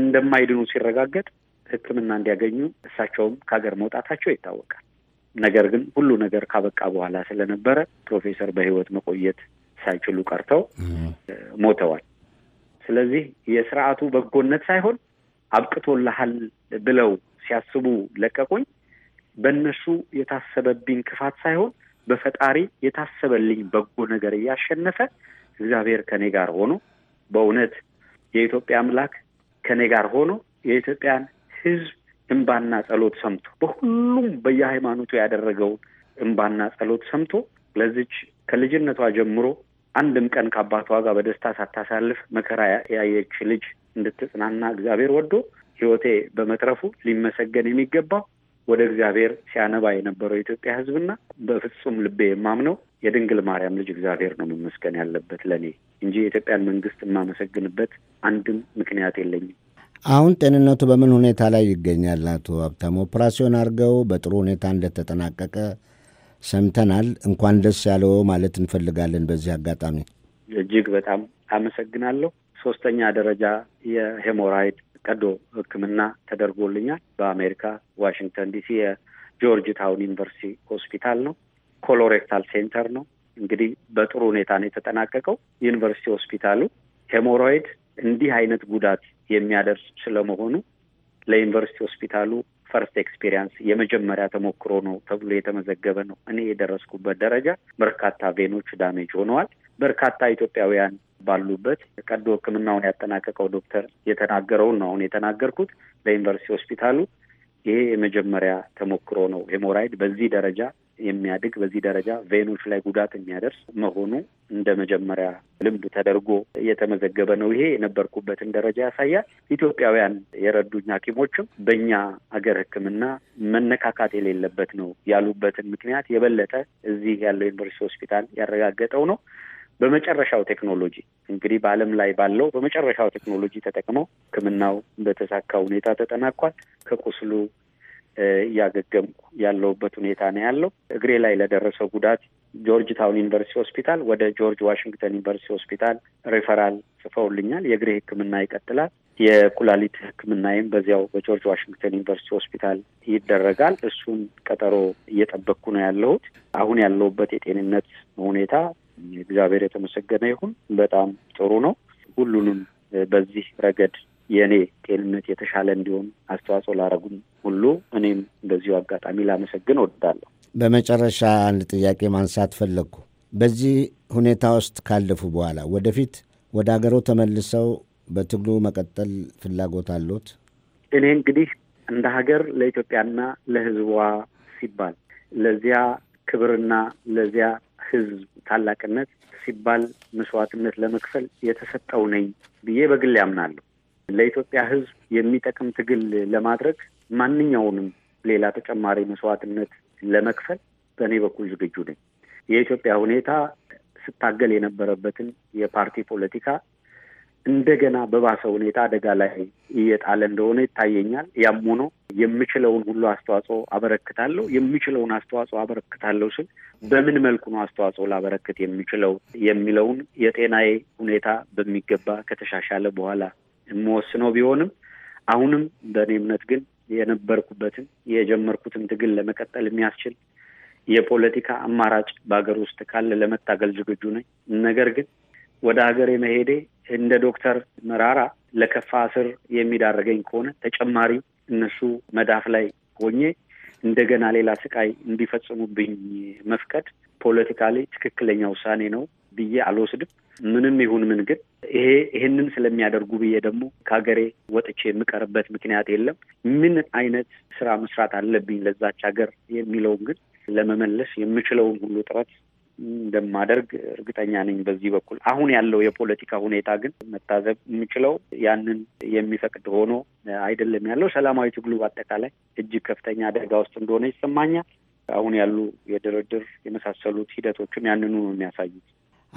እንደማይድኑ ሲረጋገጥ ሕክምና እንዲያገኙ እሳቸውም ከሀገር መውጣታቸው ይታወቃል። ነገር ግን ሁሉ ነገር ካበቃ በኋላ ስለነበረ ፕሮፌሰር በህይወት መቆየት ሳይችሉ ቀርተው ሞተዋል። ስለዚህ የስርዓቱ በጎነት ሳይሆን አብቅቶልሃል ብለው ሲያስቡ ለቀቁኝ በእነሱ የታሰበብኝ ክፋት ሳይሆን በፈጣሪ የታሰበልኝ በጎ ነገር እያሸነፈ እግዚአብሔር ከኔ ጋር ሆኖ በእውነት የኢትዮጵያ አምላክ ከኔ ጋር ሆኖ የኢትዮጵያን ሕዝብ እንባና ጸሎት ሰምቶ በሁሉም በየሃይማኖቱ ያደረገውን እንባና ጸሎት ሰምቶ ለዚች ከልጅነቷ ጀምሮ አንድም ቀን ከአባቷ ጋር በደስታ ሳታሳልፍ መከራ ያየች ልጅ እንድትጽናና እግዚአብሔር ወዶ ሕይወቴ በመትረፉ ሊመሰገን የሚገባው ወደ እግዚአብሔር ሲያነባ የነበረው የኢትዮጵያ ሕዝብና በፍጹም ልቤ የማምነው የድንግል ማርያም ልጅ እግዚአብሔር ነው መመስገን ያለበት ለእኔ እንጂ የኢትዮጵያን መንግስት የማመሰግንበት አንድም ምክንያት የለኝም። አሁን ጤንነቱ በምን ሁኔታ ላይ ይገኛል? አቶ ሀብታሙ ኦፕራሲዮን አድርገው በጥሩ ሁኔታ እንደተጠናቀቀ ሰምተናል። እንኳን ደስ ያለው ማለት እንፈልጋለን። በዚህ አጋጣሚ እጅግ በጣም አመሰግናለሁ። ሶስተኛ ደረጃ የሄሞራይድ ቀዶ ሕክምና ተደርጎልኛል። በአሜሪካ ዋሽንግተን ዲሲ የጆርጅ ታውን ዩኒቨርሲቲ ሆስፒታል ነው፣ ኮሎሬክታል ሴንተር ነው። እንግዲህ በጥሩ ሁኔታ ነው የተጠናቀቀው። ዩኒቨርሲቲ ሆስፒታሉ ሄሞራይድ እንዲህ አይነት ጉዳት የሚያደርስ ስለመሆኑ ለዩኒቨርሲቲ ሆስፒታሉ ፈርስት ኤክስፒሪየንስ የመጀመሪያ ተሞክሮ ነው ተብሎ የተመዘገበ ነው። እኔ የደረስኩበት ደረጃ በርካታ ቬኖች ዳሜጅ ሆነዋል። በርካታ ኢትዮጵያውያን ባሉበት ቀዶ ሕክምናውን ያጠናቀቀው ዶክተር የተናገረውን ነው አሁን የተናገርኩት ለዩኒቨርሲቲ ሆስፒታሉ። ይሄ የመጀመሪያ ተሞክሮ ነው ሄሞራይድ በዚህ ደረጃ የሚያድግ በዚህ ደረጃ ቬኖች ላይ ጉዳት የሚያደርስ መሆኑ እንደ መጀመሪያ ልምድ ተደርጎ የተመዘገበ ነው። ይሄ የነበርኩበትን ደረጃ ያሳያል። ኢትዮጵያውያን የረዱኝ ሐኪሞችም በእኛ አገር ሕክምና መነካካት የሌለበት ነው ያሉበትን ምክንያት የበለጠ እዚህ ያለው ዩኒቨርሲቲ ሆስፒታል ያረጋገጠው ነው። በመጨረሻው ቴክኖሎጂ እንግዲህ በዓለም ላይ ባለው በመጨረሻው ቴክኖሎጂ ተጠቅመው ሕክምናው በተሳካ ሁኔታ ተጠናቋል። ከቁስሉ እያገገምኩ ያለሁበት ሁኔታ ነው ያለው። እግሬ ላይ ለደረሰው ጉዳት ጆርጅ ታውን ዩኒቨርሲቲ ሆስፒታል ወደ ጆርጅ ዋሽንግተን ዩኒቨርሲቲ ሆስፒታል ሪፈራል ጽፈውልኛል። የእግሬ ሕክምና ይቀጥላል። የኩላሊት ሕክምናዬም በዚያው በጆርጅ ዋሽንግተን ዩኒቨርሲቲ ሆስፒታል ይደረጋል። እሱን ቀጠሮ እየጠበቅኩ ነው ያለሁት። አሁን ያለሁበት የጤንነት ሁኔታ እግዚአብሔር የተመሰገነ ይሁን በጣም ጥሩ ነው። ሁሉንም በዚህ ረገድ የእኔ ጤንነት የተሻለ እንዲሆን አስተዋጽኦ ላረጉም ሁሉ እኔም እንደዚሁ አጋጣሚ ላመሰግን ወዳለሁ። በመጨረሻ አንድ ጥያቄ ማንሳት ፈለግኩ። በዚህ ሁኔታ ውስጥ ካለፉ በኋላ ወደፊት ወደ አገሮ ተመልሰው በትግሉ መቀጠል ፍላጎት አሉት? እኔ እንግዲህ እንደ ሀገር ለኢትዮጵያና ለሕዝቧ ሲባል ለዚያ ክብርና ለዚያ ሕዝብ ታላቅነት ሲባል መስዋዕትነት ለመክፈል የተሰጠው ነኝ ብዬ በግል ያምናለሁ። ለኢትዮጵያ ሕዝብ የሚጠቅም ትግል ለማድረግ ማንኛውንም ሌላ ተጨማሪ መስዋዕትነት ለመክፈል በእኔ በኩል ዝግጁ ነኝ። የኢትዮጵያ ሁኔታ ስታገል የነበረበትን የፓርቲ ፖለቲካ እንደገና በባሰ ሁኔታ አደጋ ላይ እየጣለ እንደሆነ ይታየኛል። ያም ሆኖ የምችለውን ሁሉ አስተዋጽኦ አበረክታለሁ። የምችለውን አስተዋጽኦ አበረክታለሁ ስል በምን መልኩ ነው አስተዋጽኦ ላበረክት የሚችለው የሚለውን የጤናዬ ሁኔታ በሚገባ ከተሻሻለ በኋላ የምወስነው ቢሆንም አሁንም በእኔ እምነት ግን የነበርኩበትን የጀመርኩትን ትግል ለመቀጠል የሚያስችል የፖለቲካ አማራጭ በሀገር ውስጥ ካለ ለመታገል ዝግጁ ነኝ። ነገር ግን ወደ ሀገር የመሄዴ እንደ ዶክተር መራራ ለከፋ እስር የሚዳረገኝ ከሆነ ተጨማሪ እነሱ መዳፍ ላይ ሆኜ እንደገና ሌላ ስቃይ እንዲፈጽሙብኝ መፍቀድ ፖለቲካ ላይ ትክክለኛ ውሳኔ ነው ብዬ አልወስድም። ምንም ይሁን ምን ግን ይሄ ይህንን ስለሚያደርጉ ብዬ ደግሞ ከሀገሬ ወጥቼ የምቀርበት ምክንያት የለም። ምን አይነት ስራ መስራት አለብኝ ለዛች ሀገር የሚለውን ግን ለመመለስ የምችለውን ሁሉ ጥረት እንደማደርግ እርግጠኛ ነኝ። በዚህ በኩል አሁን ያለው የፖለቲካ ሁኔታ ግን መታዘብ የምችለው ያንን የሚፈቅድ ሆኖ አይደለም ያለው። ሰላማዊ ትግሉ በአጠቃላይ እጅግ ከፍተኛ አደጋ ውስጥ እንደሆነ ይሰማኛል። አሁን ያሉ የድርድር የመሳሰሉት ሂደቶችም ያንኑ ነው የሚያሳዩት።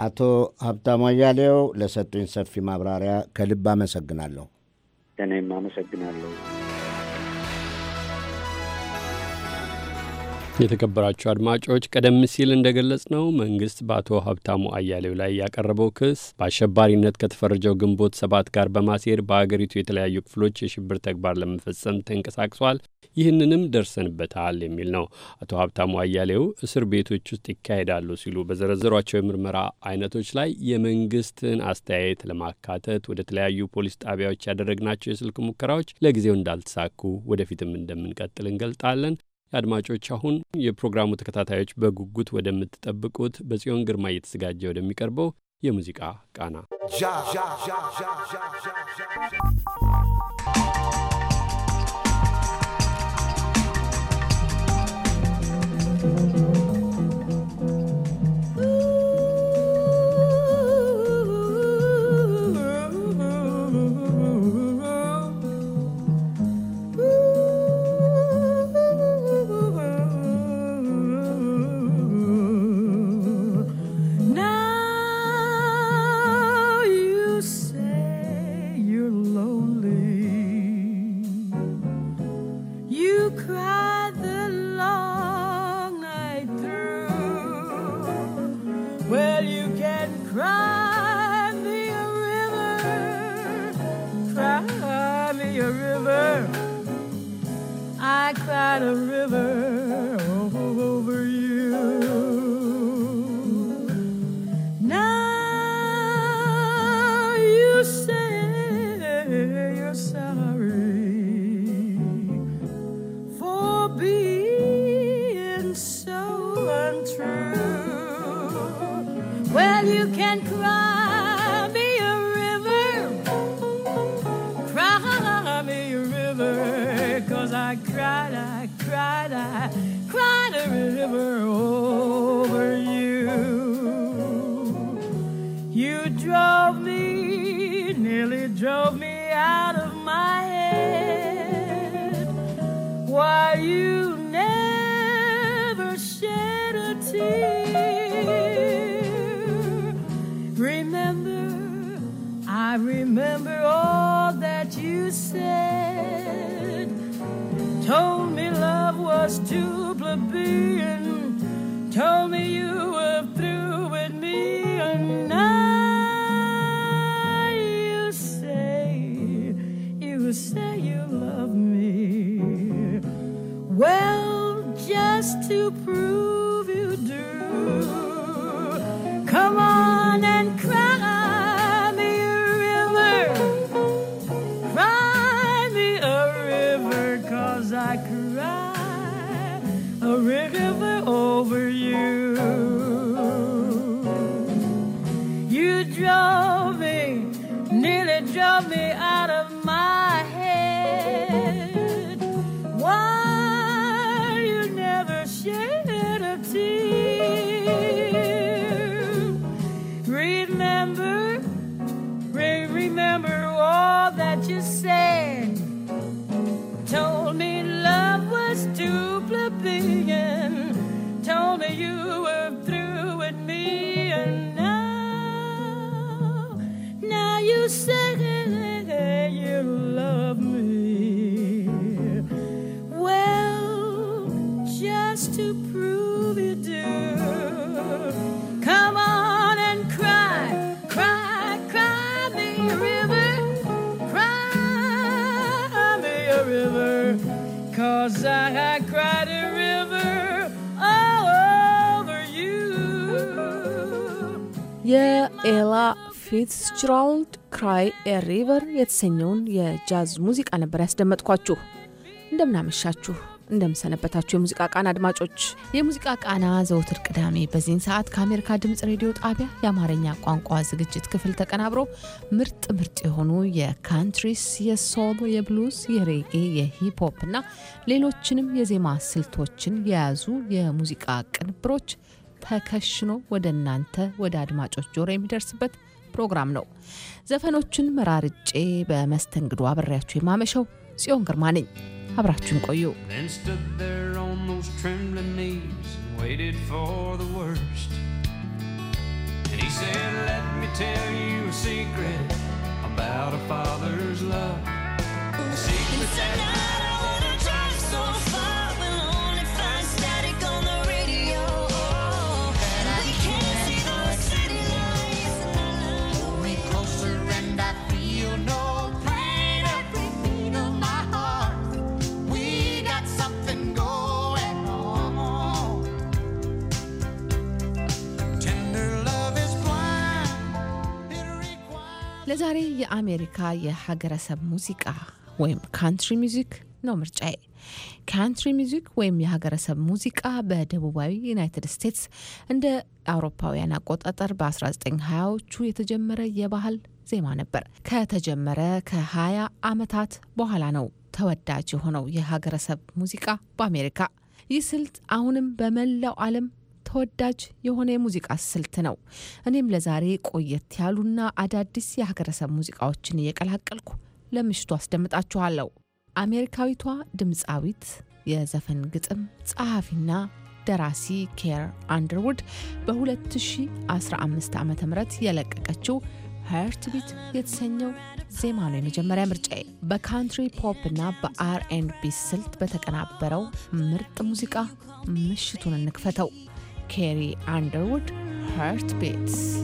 አቶ ሀብታሙ አያሌው ለሰጡኝ ሰፊ ማብራሪያ ከልብ አመሰግናለሁ። እኔም አመሰግናለሁ። የተከበራቸው አድማጮች ቀደም ሲል እንደገለጽ ነው መንግስት በአቶ ሀብታሙ አያሌው ላይ ያቀረበው ክስ በአሸባሪነት ከተፈረጀው ግንቦት ሰባት ጋር በማሴር በአገሪቱ የተለያዩ ክፍሎች የሽብር ተግባር ለመፈጸም ተንቀሳቅሷል፣ ይህንንም ደርሰንበታል የሚል ነው። አቶ ሀብታሙ አያሌው እስር ቤቶች ውስጥ ይካሄዳሉ ሲሉ በዘረዘሯቸው የምርመራ አይነቶች ላይ የመንግስትን አስተያየት ለማካተት ወደ ተለያዩ ፖሊስ ጣቢያዎች ያደረግናቸው የስልክ ሙከራዎች ለጊዜው እንዳልተሳኩ ወደፊትም እንደምንቀጥል እንገልጣለን። አድማጮች አሁን የፕሮግራሙ ተከታታዮች በጉጉት ወደምትጠብቁት በጽዮን ግርማ እየተዘጋጀ ወደሚቀርበው የሙዚቃ ቃና Thank you. I cried a river. remember all that you said. Told me love was plebeian. ኤላ ፊትስጅራልድ ክራይ ኤ ሪቨር የተሰኘውን የጃዝ ሙዚቃ ነበር ያስደመጥኳችሁ። እንደምናመሻችሁ እንደምሰነበታችሁ የሙዚቃ ቃና አድማጮች። የሙዚቃ ቃና ዘውትር ቅዳሜ በዚህን ሰዓት ከአሜሪካ ድምፅ ሬዲዮ ጣቢያ የአማርኛ ቋንቋ ዝግጅት ክፍል ተቀናብሮ ምርጥ ምርጥ የሆኑ የካንትሪስ፣ የሶል፣ የብሉዝ፣ የሬጌ፣ የሂፕሆፕ እና ሌሎችንም የዜማ ስልቶችን የያዙ የሙዚቃ ቅንብሮች ተከሽኖ ወደ እናንተ ወደ አድማጮች ጆሮ የሚደርስበት ፕሮግራም ነው። ዘፈኖቹን መራርጬ በመስተንግዶ አብሬያችሁ የማመሸው ጽዮን ግርማ ነኝ። አብራችሁን ቆዩ። And ለዛሬ የአሜሪካ የሀገረሰብ ሙዚቃ ወይም ካንትሪ ሚዚክ ነው ምርጫዬ። ካንትሪ ሚዚክ ወይም የሀገረሰብ ሙዚቃ በደቡባዊ ዩናይትድ ስቴትስ እንደ አውሮፓውያን አቆጣጠር በ1920ዎቹ የተጀመረ የባህል ዜማ ነበር። ከተጀመረ ከ20 ዓመታት በኋላ ነው ተወዳጅ የሆነው የሀገረሰብ ሙዚቃ በአሜሪካ። ይህ ስልት አሁንም በመላው ዓለም ተወዳጅ የሆነ የሙዚቃ ስልት ነው። እኔም ለዛሬ ቆየት ያሉና አዳዲስ የሀገረሰብ ሙዚቃዎችን እየቀላቀልኩ ለምሽቱ አስደምጣችኋለሁ። አሜሪካዊቷ ድምፃዊት የዘፈን ግጥም ጸሐፊና ደራሲ ኬር አንደርውድ በ2015 ዓ ም የለቀቀችው ሀርት ቢት የተሰኘው ዜማ ነው የመጀመሪያ ምርጫዬ። በካንትሪ ፖፕ እና በአርኤንቢ ቢ ስልት በተቀናበረው ምርጥ ሙዚቃ ምሽቱን እንክፈተው። Carrie Underwood, Heartbeats.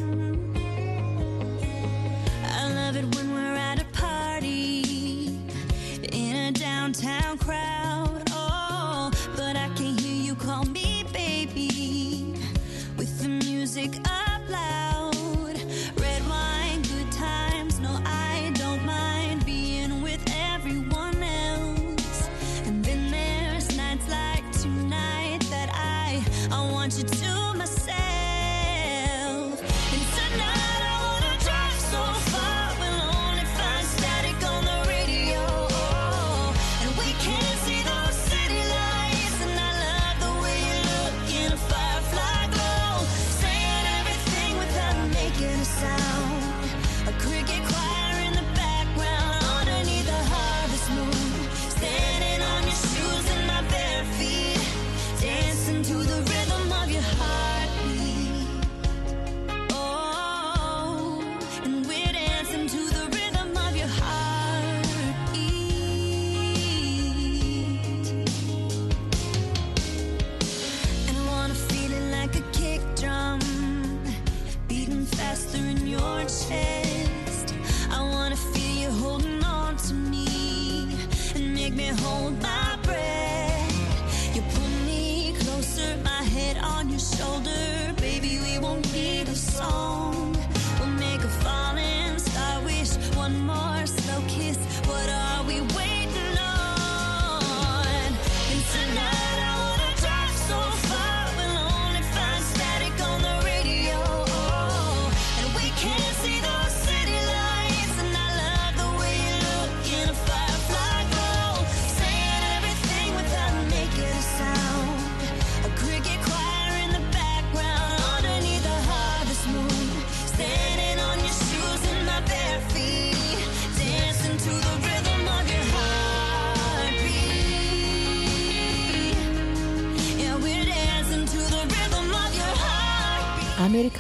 downtown crowd. Oh, but I can hear you call me.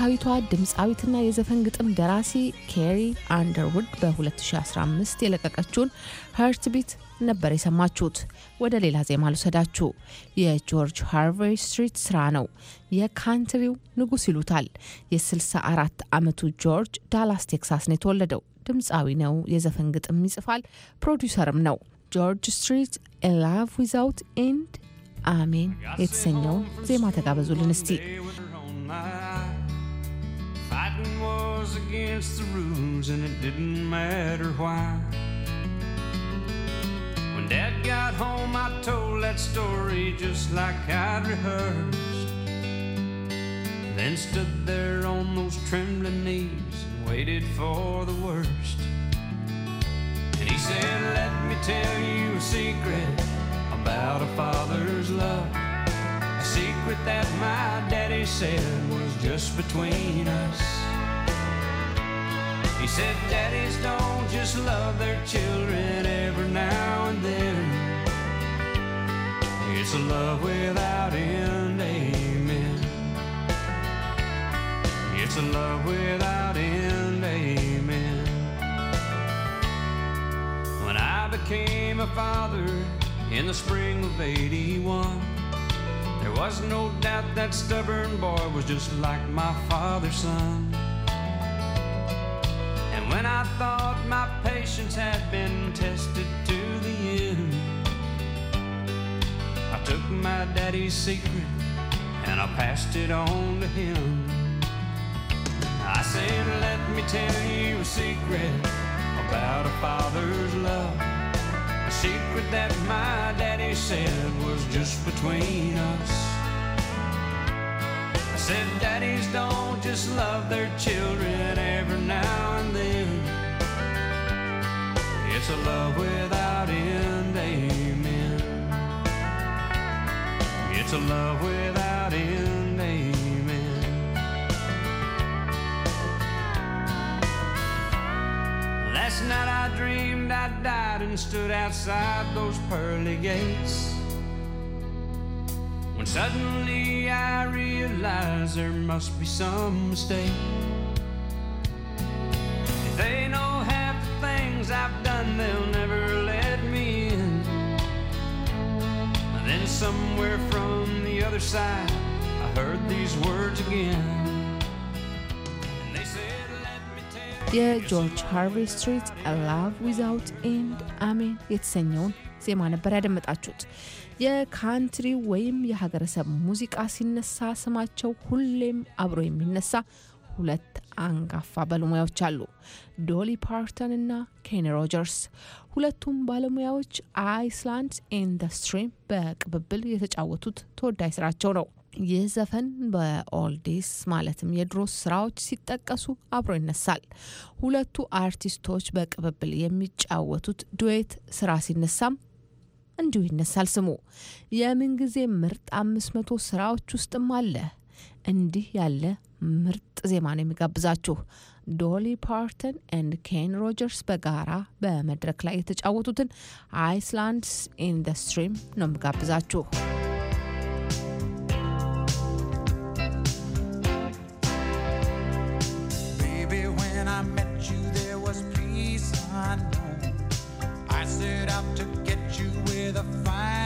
አሜሪካዊቷ ድምፃዊትና የዘፈን ግጥም ደራሲ ኬሪ አንደርውድ በ2015 የለቀቀችውን ሀርት ቢት ነበር የሰማችሁት። ወደ ሌላ ዜማ ልውሰዳችሁ። የጆርጅ ሃርቬይ ስትሪት ስራ ነው። የካንትሪው ንጉስ ይሉታል። የ64 ዓመቱ ጆርጅ ዳላስ ቴክሳስ ነው የተወለደው። ድምፃዊ ነው፣ የዘፈን ግጥም ይጽፋል፣ ፕሮዲውሰርም ነው። ጆርጅ ስትሪት ላቭ ዊዛውት ኤንድ አሜን የተሰኘውን ዜማ ተጋበዙልን እስቲ። against the rules and it didn't matter why. When Dad got home, I told that story just like I'd rehearsed. Then stood there on those trembling knees and waited for the worst. And he said, Let me tell you a secret about a father's love. A secret that my daddy said was just between us. He said, Daddies don't just love their children every now and then. It's a love without end, amen. It's a love without end, amen. When I became a father in the spring of 81, there was no doubt that stubborn boy was just like my father's son. When I thought my patience had been tested to the end, I took my daddy's secret and I passed it on to him. I said, Let me tell you a secret about a father's love. A secret that my daddy said was just between us said daddies don't just love their children every now and then. It's a love without end, amen. It's a love without end, amen. Last night I dreamed I died and stood outside those pearly gates. And suddenly I realize there must be some mistake. If they know half the things I've done, they'll never let me in. And then somewhere from the other side, I heard these words again. Dear ጆርጅ ዜማ ነበር ያደመጣችሁት። የካንትሪ ወይም የሀገረሰብ ሙዚቃ ሲነሳ ስማቸው ሁሌም አብሮ የሚነሳ ሁለት አንጋፋ ባለሙያዎች አሉ፣ ዶሊ ፓርተን እና ኬኒ ሮጀርስ። ሁለቱም ባለሙያዎች አይስላንድ ኢንዱስትሪ በቅብብል የተጫወቱት ተወዳጅ ስራቸው ነው። ይህ ዘፈን በኦልዲስ ማለትም የድሮ ስራዎች ሲጠቀሱ አብሮ ይነሳል። ሁለቱ አርቲስቶች በቅብብል የሚጫወቱት ዱዌት ስራ ሲነሳም እንዲሁ ይነሳል ስሙ። የምንጊዜ ምርጥ አምስት መቶ ስራዎች ውስጥም አለ። እንዲህ ያለ ምርጥ ዜማ ነው የሚጋብዛችሁ ዶሊ ፓርተን ኤንድ ኬን ሮጀርስ በጋራ በመድረክ ላይ የተጫወቱትን አይስላንድስ ኢን ስትሪም ነው የሚጋብዛችሁ። the fire.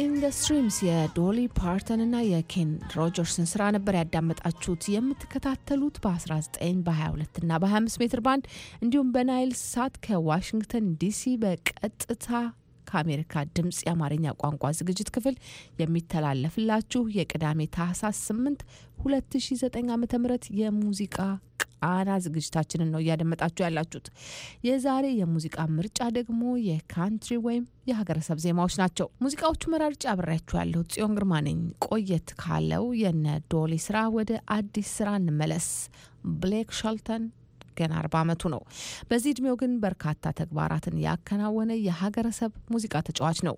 ኢን ዘ ስትሪምስ የዶሊ ፓርተን እና የኬን ሮጀርስን ስራ ነበር ያዳመጣችሁት። የምትከታተሉት በ19 በ22 እና በ25 ሜትር ባንድ እንዲሁም በናይል ሳት ከዋሽንግተን ዲሲ በቀጥታ ከአሜሪካ ድምፅ የአማርኛ ቋንቋ ዝግጅት ክፍል የሚተላለፍላችሁ የቅዳሜ ታህሳስ 8 2009 ዓ.ም የሙዚቃ አና ዝግጅታችንን ነው እያደመጣችሁ ያላችሁት። የዛሬ የሙዚቃ ምርጫ ደግሞ የካንትሪ ወይም የሀገረሰብ ዜማዎች ናቸው። ሙዚቃዎቹ መራርጫ አብሬያችሁ ያለሁ ጽዮን ግርማ ነኝ። ቆየት ካለው የነ ዶሊ ስራ ወደ አዲስ ስራ እንመለስ። ብሌክ ሸልተን ገና አርባ ዓመቱ ነው። በዚህ እድሜው ግን በርካታ ተግባራትን ያከናወነ የሀገረሰብ ሙዚቃ ተጫዋች ነው።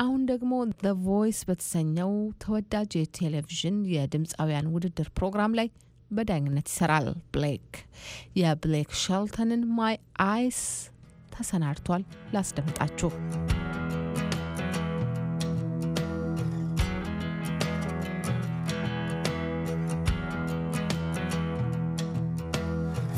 አሁን ደግሞ ዘ ቮይስ በተሰኘው ተወዳጅ የቴሌቪዥን የድምፃውያን ውድድር ፕሮግራም ላይ በዳኝነት ይሰራል። ብሌክ የብሌክ ሸልተንን ማይ አይስ ተሰናድቷል። ላስደምጣችሁ።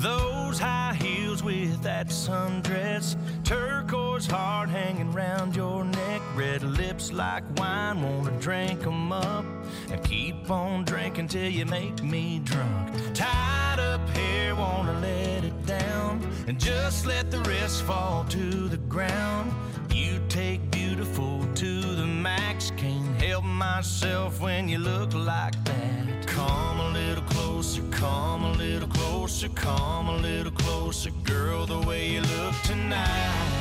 Those high heels with that sundress, turquoise heart hanging round your neck, red lips like wine, wanna drink 'em up and keep on drinking till you make me drunk. Tied up here, wanna let it down, and just let the rest fall to the ground. You take beautiful to the max, can't help myself when you look like that. Come a little closer, come a little closer, come a little closer, girl, the way you look tonight.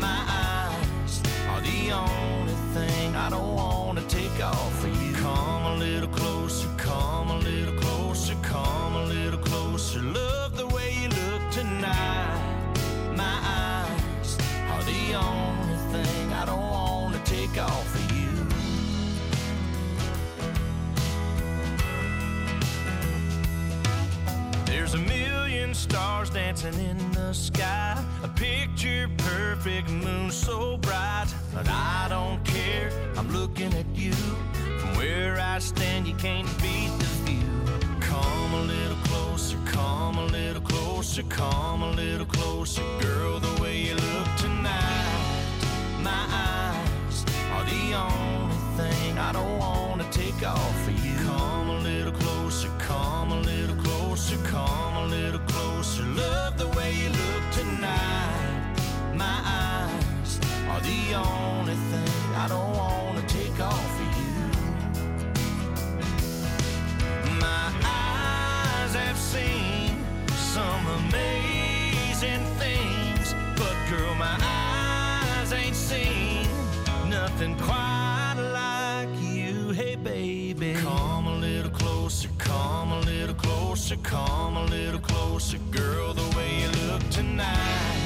My eyes are the only thing I don't wanna take off for you a little closer, come a little closer, come a little closer. Love the way you look tonight. My eyes are the only thing I don't want to take off of you. There's a million million stars dancing in the sky. A picture perfect moon so bright. But I don't care, I'm looking at you. From where I stand, you can't beat the view. Come a little closer, come a little closer, come a little closer. Girl, the way you look tonight, my eyes are the only thing I don't want to take off of sure love the way you look tonight. My eyes are the only thing I don't wanna take off of you. My eyes have seen some amazing things, but girl, my eyes ain't seen nothing quite. closer, come a little closer, girl, the way you look tonight.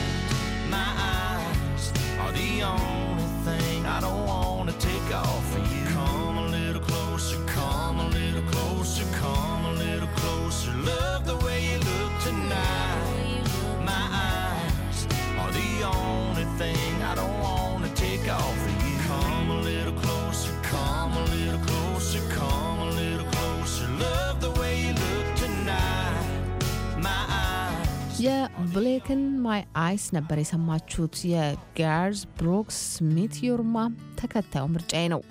My eyes are the only thing I don't want to take off of you. Come a little closer, come a little closer, come a little closer. Love the way you look tonight. My eyes are the only thing I don't want to take off of you. Come a little closer, come a little closer, come. የብሌክን ማይ አይስ ነበር የሰማችሁት። የጋርዝ ብሮክስ Take ዮርማ ተከታዩ ምርጫዬ ነው።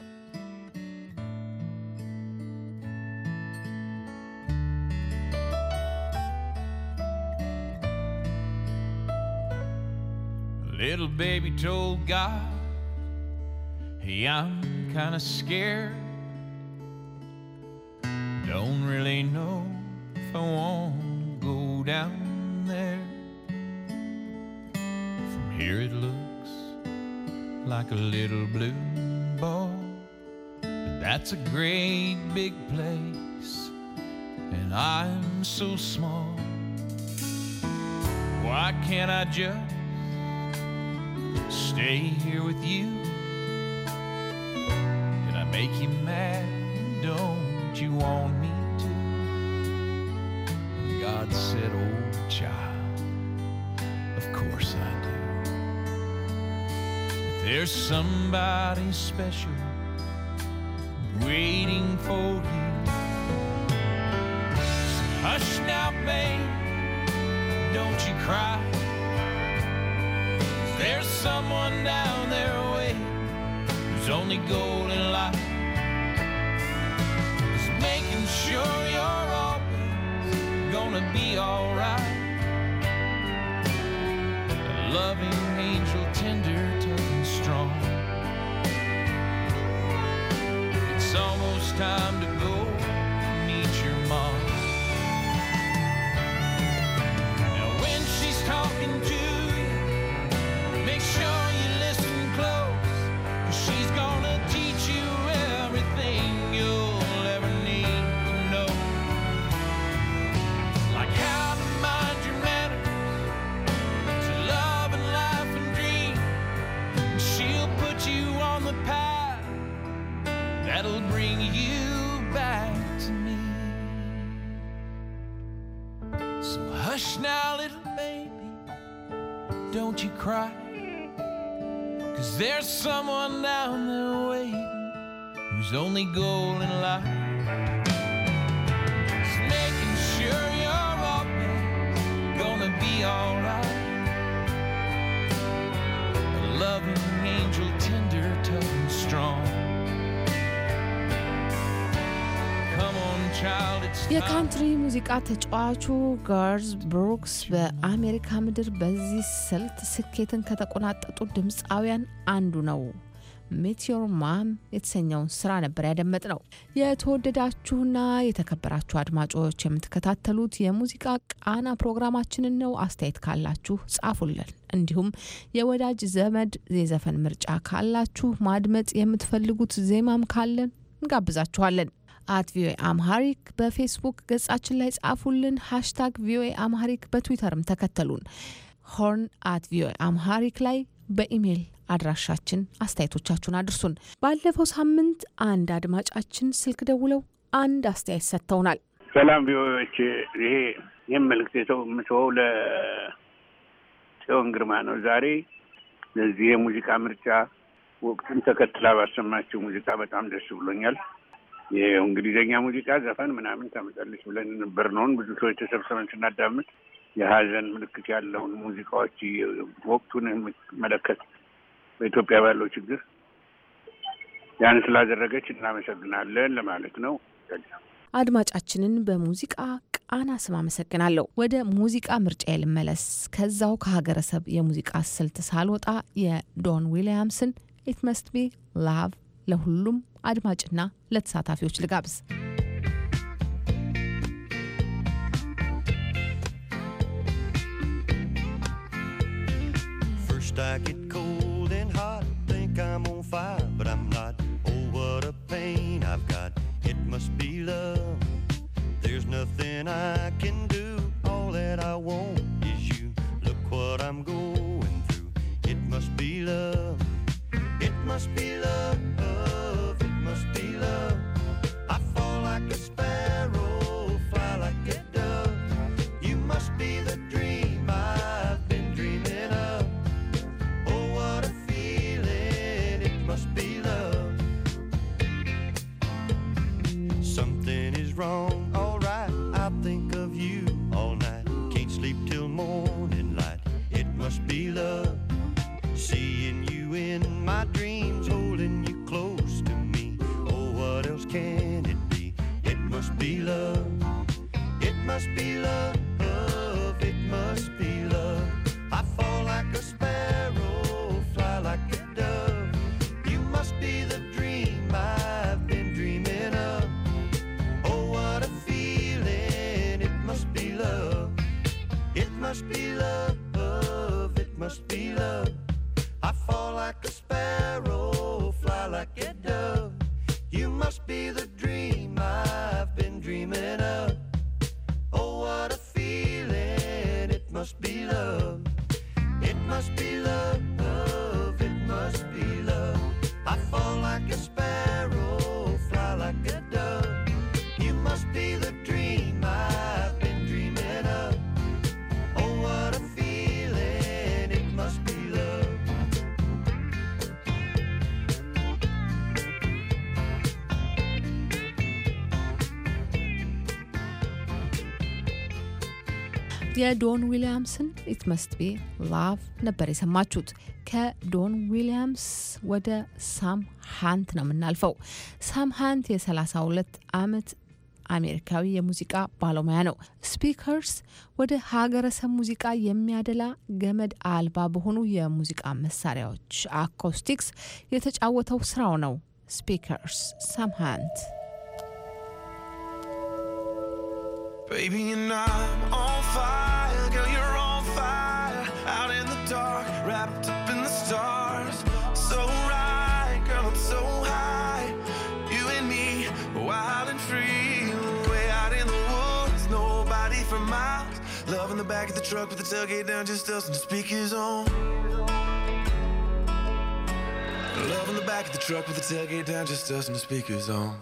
Little baby told God, hey, I'm kind of scared. Don't really know if I want to go down there. From here it looks like a little blue ball. But that's a great big place, and I'm so small. Why can't I just stay here with you? Did I make you mad? Don't you want me to? God said, Oh child. Of course I do. But there's somebody special waiting for you. So hush now, babe, don't you cry. there's someone down there waiting Whose only golden light is making sure you're always gonna be alright loving angel, tender, tough, and strong. It's almost time to go meet your mom. Now, when she's talking to cry. Cause there's someone down there waiting whose only goal in life የካንትሪ ሙዚቃ ተጫዋቹ ጋርዝ ብሩክስ በአሜሪካ ምድር በዚህ ስልት ስኬትን ከተቆናጠጡ ድምፃውያን አንዱ ነው። ሜትዮር ማም የተሰኘውን ስራ ነበር ያደመጥ ነው። የተወደዳችሁና የተከበራችሁ አድማጮች የምትከታተሉት የሙዚቃ ቃና ፕሮግራማችንን ነው። አስተያየት ካላችሁ ጻፉልን። እንዲሁም የወዳጅ ዘመድ የዘፈን ምርጫ ካላችሁ ማድመጥ የምትፈልጉት ዜማም ካለን እንጋብዛችኋለን። አት ቪኦኤ አምሃሪክ በፌስቡክ ገጻችን ላይ ጻፉልን። ሃሽታግ ቪኦኤ አምሃሪክ በትዊተርም ተከተሉን። ሆርን አት ቪኦኤ አምሃሪክ ላይ በኢሜይል አድራሻችን አስተያየቶቻችሁን አድርሱን። ባለፈው ሳምንት አንድ አድማጫችን ስልክ ደውለው አንድ አስተያየት ሰጥተውናል። ሰላም ቪኦኤዎች፣ ይሄ ይህም መልእክት የምትወው ለጽዮን ግርማ ነው። ዛሬ ለዚህ የሙዚቃ ምርጫ ወቅቱን ተከትላ ባሰማችው ሙዚቃ በጣም ደስ ብሎኛል። የእንግሊዝኛ ሙዚቃ ዘፈን ምናምን ታመጣለች ብለን ነበር ነውን ብዙ ሰዎች ተሰብስበን ስናዳምጥ የሀዘን ምልክት ያለውን ሙዚቃዎች ወቅቱን የምትመለከት በኢትዮጵያ ባለው ችግር ያን ስላደረገች እናመሰግናለን ለማለት ነው። አድማጫችንን በሙዚቃ ቃና ስም አመሰግናለሁ። ወደ ሙዚቃ ምርጫ የልመለስ ከዛው ከሀገረሰብ የሙዚቃ ስልት ሳልወጣ የዶን ዊሊያምስን ኢት መስት ቢ ላቭ ለሁሉም አድማጭና ለተሳታፊዎች ልጋብዝ። First I get cold and hot, think I'm የዶን ዊሊያምስን ኢት መስት ቢ ላቭ ነበር የሰማችሁት። ከዶን ዊሊያምስ ወደ ሳም ሃንት ነው የምናልፈው። ሳም ሃንት የ32 ዓመት አሜሪካዊ የሙዚቃ ባለሙያ ነው። ስፒከርስ ወደ ሀገረሰብ ሙዚቃ የሚያደላ ገመድ አልባ በሆኑ የሙዚቃ መሳሪያዎች አኮስቲክስ የተጫወተው ስራው ነው። ስፒከርስ ሳም ሃንት Baby, and I'm on fire. Girl, you're on fire. Out in the dark, wrapped up in the stars. So right, girl, I'm so high. You and me, wild and free. Way out in the woods, nobody for miles. Love in the back of the truck with the tailgate down, just us and the speakers on. Love in the back of the truck with the tailgate down, just us and the speakers on.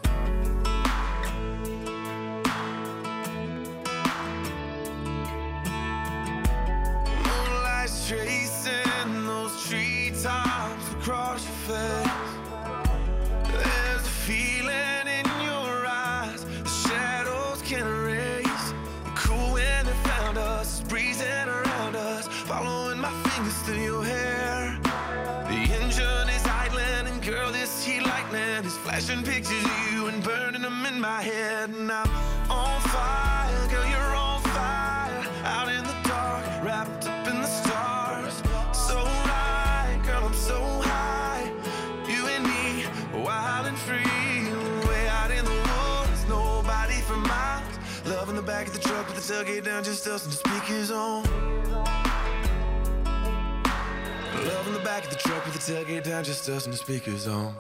Down just us and the speakers on. Love in the back of the truck with the tailgate down, just us and the speakers on.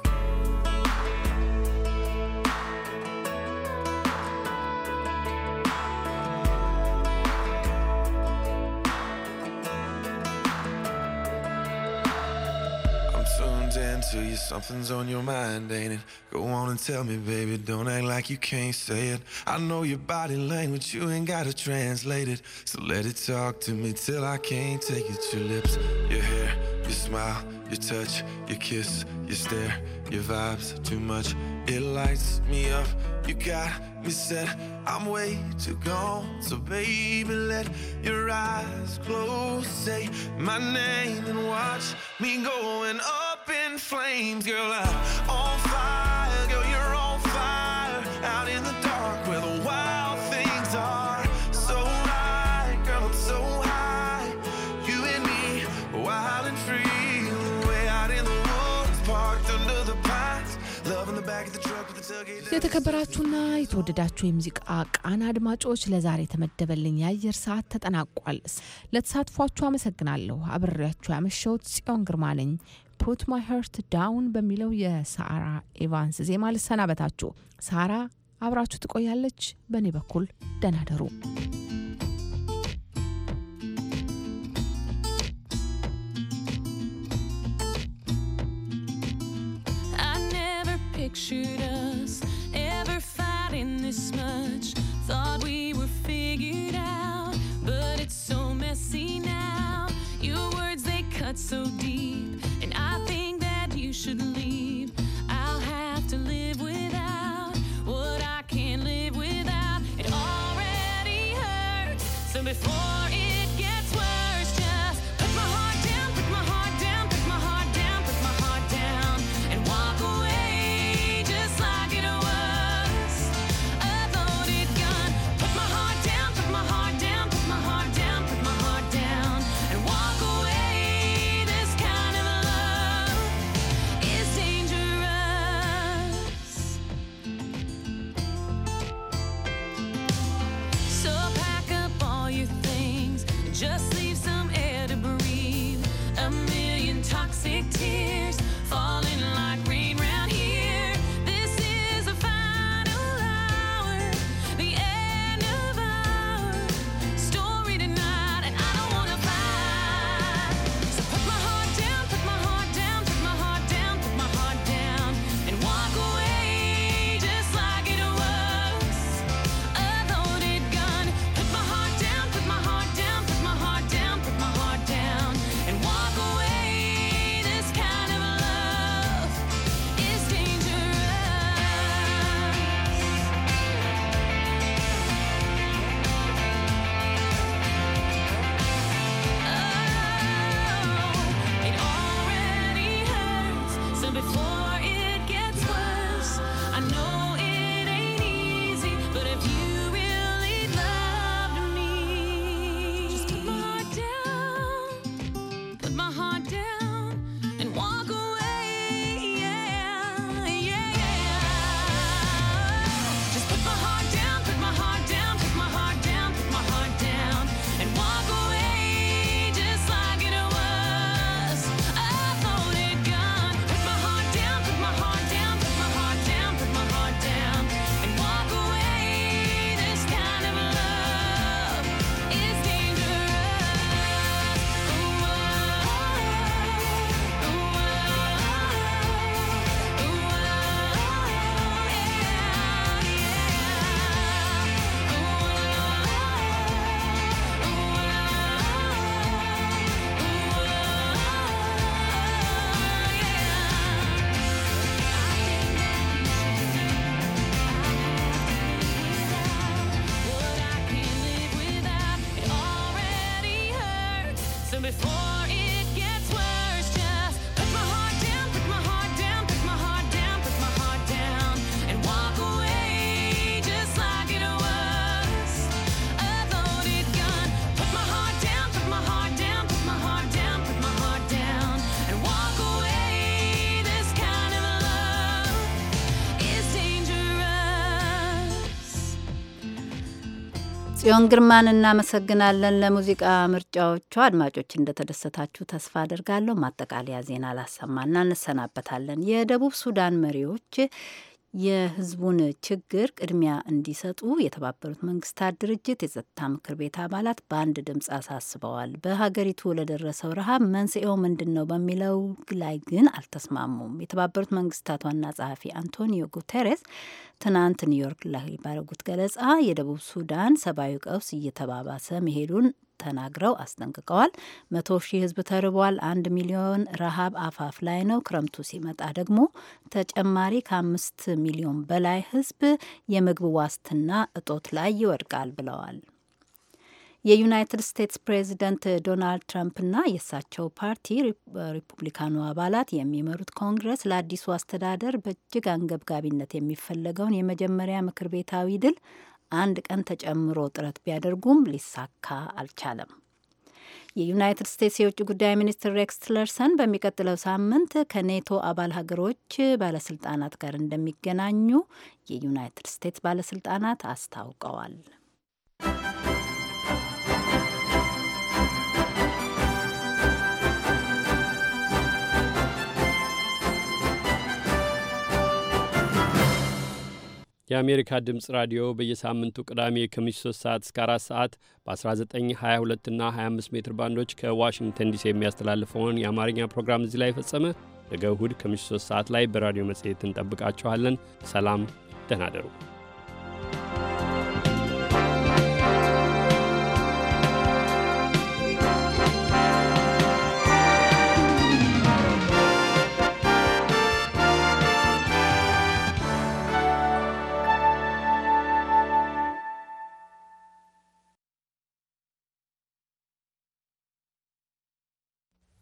Something's on your mind, ain't it? Go on and tell me, baby, don't act like you can't say it. I know your body language, you ain't gotta translate it. So let it talk to me till I can't take it. Your lips, your hair, your smile, your touch, your kiss, your stare, your vibes, too much. It lights me up, you got me set. I'm way too gone, so baby, let your eyes close. Say my name and watch me going on. in flames, girl. I'm on fire, girl. You're on fire. Out in the dark where the wild things are. So high, girl. I'm so high. You and me, wild and free. Way out in the woods, parked under the pines. Love in the back of the truck with the tailgate. የተከበራችሁና የተወደዳችሁ የሙዚቃ ቃና አድማጮች ለዛሬ የተመደበልኝ የአየር ሰዓት ተጠናቋል። ለተሳትፏችሁ አመሰግናለሁ። አብሬያችሁ ያመሸሁት ጽዮን ግርማ ነኝ። ፑት ማይ ሄርት ዳውን በሚለው የሳራ ኤቫንስ ዜማ ልሰናበታችሁ። ሳራ አብራችሁ ትቆያለች። በእኔ በኩል ደናደሩ Pictured us ever fighting this much. Thought we were figured out, but it's so messy now. Your words, they cut so deep. should leave ጽዮን ግርማን እናመሰግናለን ለሙዚቃ ምርጫዎቿ። አድማጮች እንደተደሰታችሁ ተስፋ አድርጋለሁ። ማጠቃለያ ዜና ላሰማና እንሰናበታለን። የደቡብ ሱዳን መሪዎች የህዝቡን ችግር ቅድሚያ እንዲሰጡ የተባበሩት መንግስታት ድርጅት የጸጥታ ምክር ቤት አባላት በአንድ ድምፅ አሳስበዋል። በሀገሪቱ ለደረሰው ረሃብ መንስኤው ምንድን ነው በሚለው ላይ ግን አልተስማሙም። የተባበሩት መንግስታት ዋና ጸሐፊ አንቶኒዮ ጉተሬስ ትናንት ኒውዮርክ ላይ ባደረጉት ገለጻ የደቡብ ሱዳን ሰብአዊ ቀውስ እየተባባሰ መሄዱን ተናግረው አስጠንቅቀዋል። መቶ ሺህ ህዝብ ተርቧል። አንድ ሚሊዮን ረሃብ አፋፍ ላይ ነው። ክረምቱ ሲመጣ ደግሞ ተጨማሪ ከአምስት ሚሊዮን በላይ ህዝብ የምግብ ዋስትና እጦት ላይ ይወድቃል ብለዋል። የዩናይትድ ስቴትስ ፕሬዚደንት ዶናልድ ትራምፕና የእሳቸው ፓርቲ ሪፑብሊካኑ አባላት የሚመሩት ኮንግረስ ለአዲሱ አስተዳደር በእጅግ አንገብጋቢነት የሚፈለገውን የመጀመሪያ ምክር ቤታዊ ድል አንድ ቀን ተጨምሮ ጥረት ቢያደርጉም ሊሳካ አልቻለም። የዩናይትድ ስቴትስ የውጭ ጉዳይ ሚኒስትር ሬክስ ቲለርሰን በሚቀጥለው ሳምንት ከኔቶ አባል ሀገሮች ባለስልጣናት ጋር እንደሚገናኙ የዩናይትድ ስቴትስ ባለስልጣናት አስታውቀዋል። የአሜሪካ ድምፅ ራዲዮ በየሳምንቱ ቅዳሜ ከምሽቱ 3 ሰዓት እስከ 4 ሰዓት በ1922 እና 25 ሜትር ባንዶች ከዋሽንግተን ዲሲ የሚያስተላልፈውን የአማርኛ ፕሮግራም እዚህ ላይ ፈጸመ። ነገ እሁድ ከምሽቱ 3 ሰዓት ላይ በራዲዮ መጽሔት እንጠብቃችኋለን። ሰላም፣ ደህና ደሩ።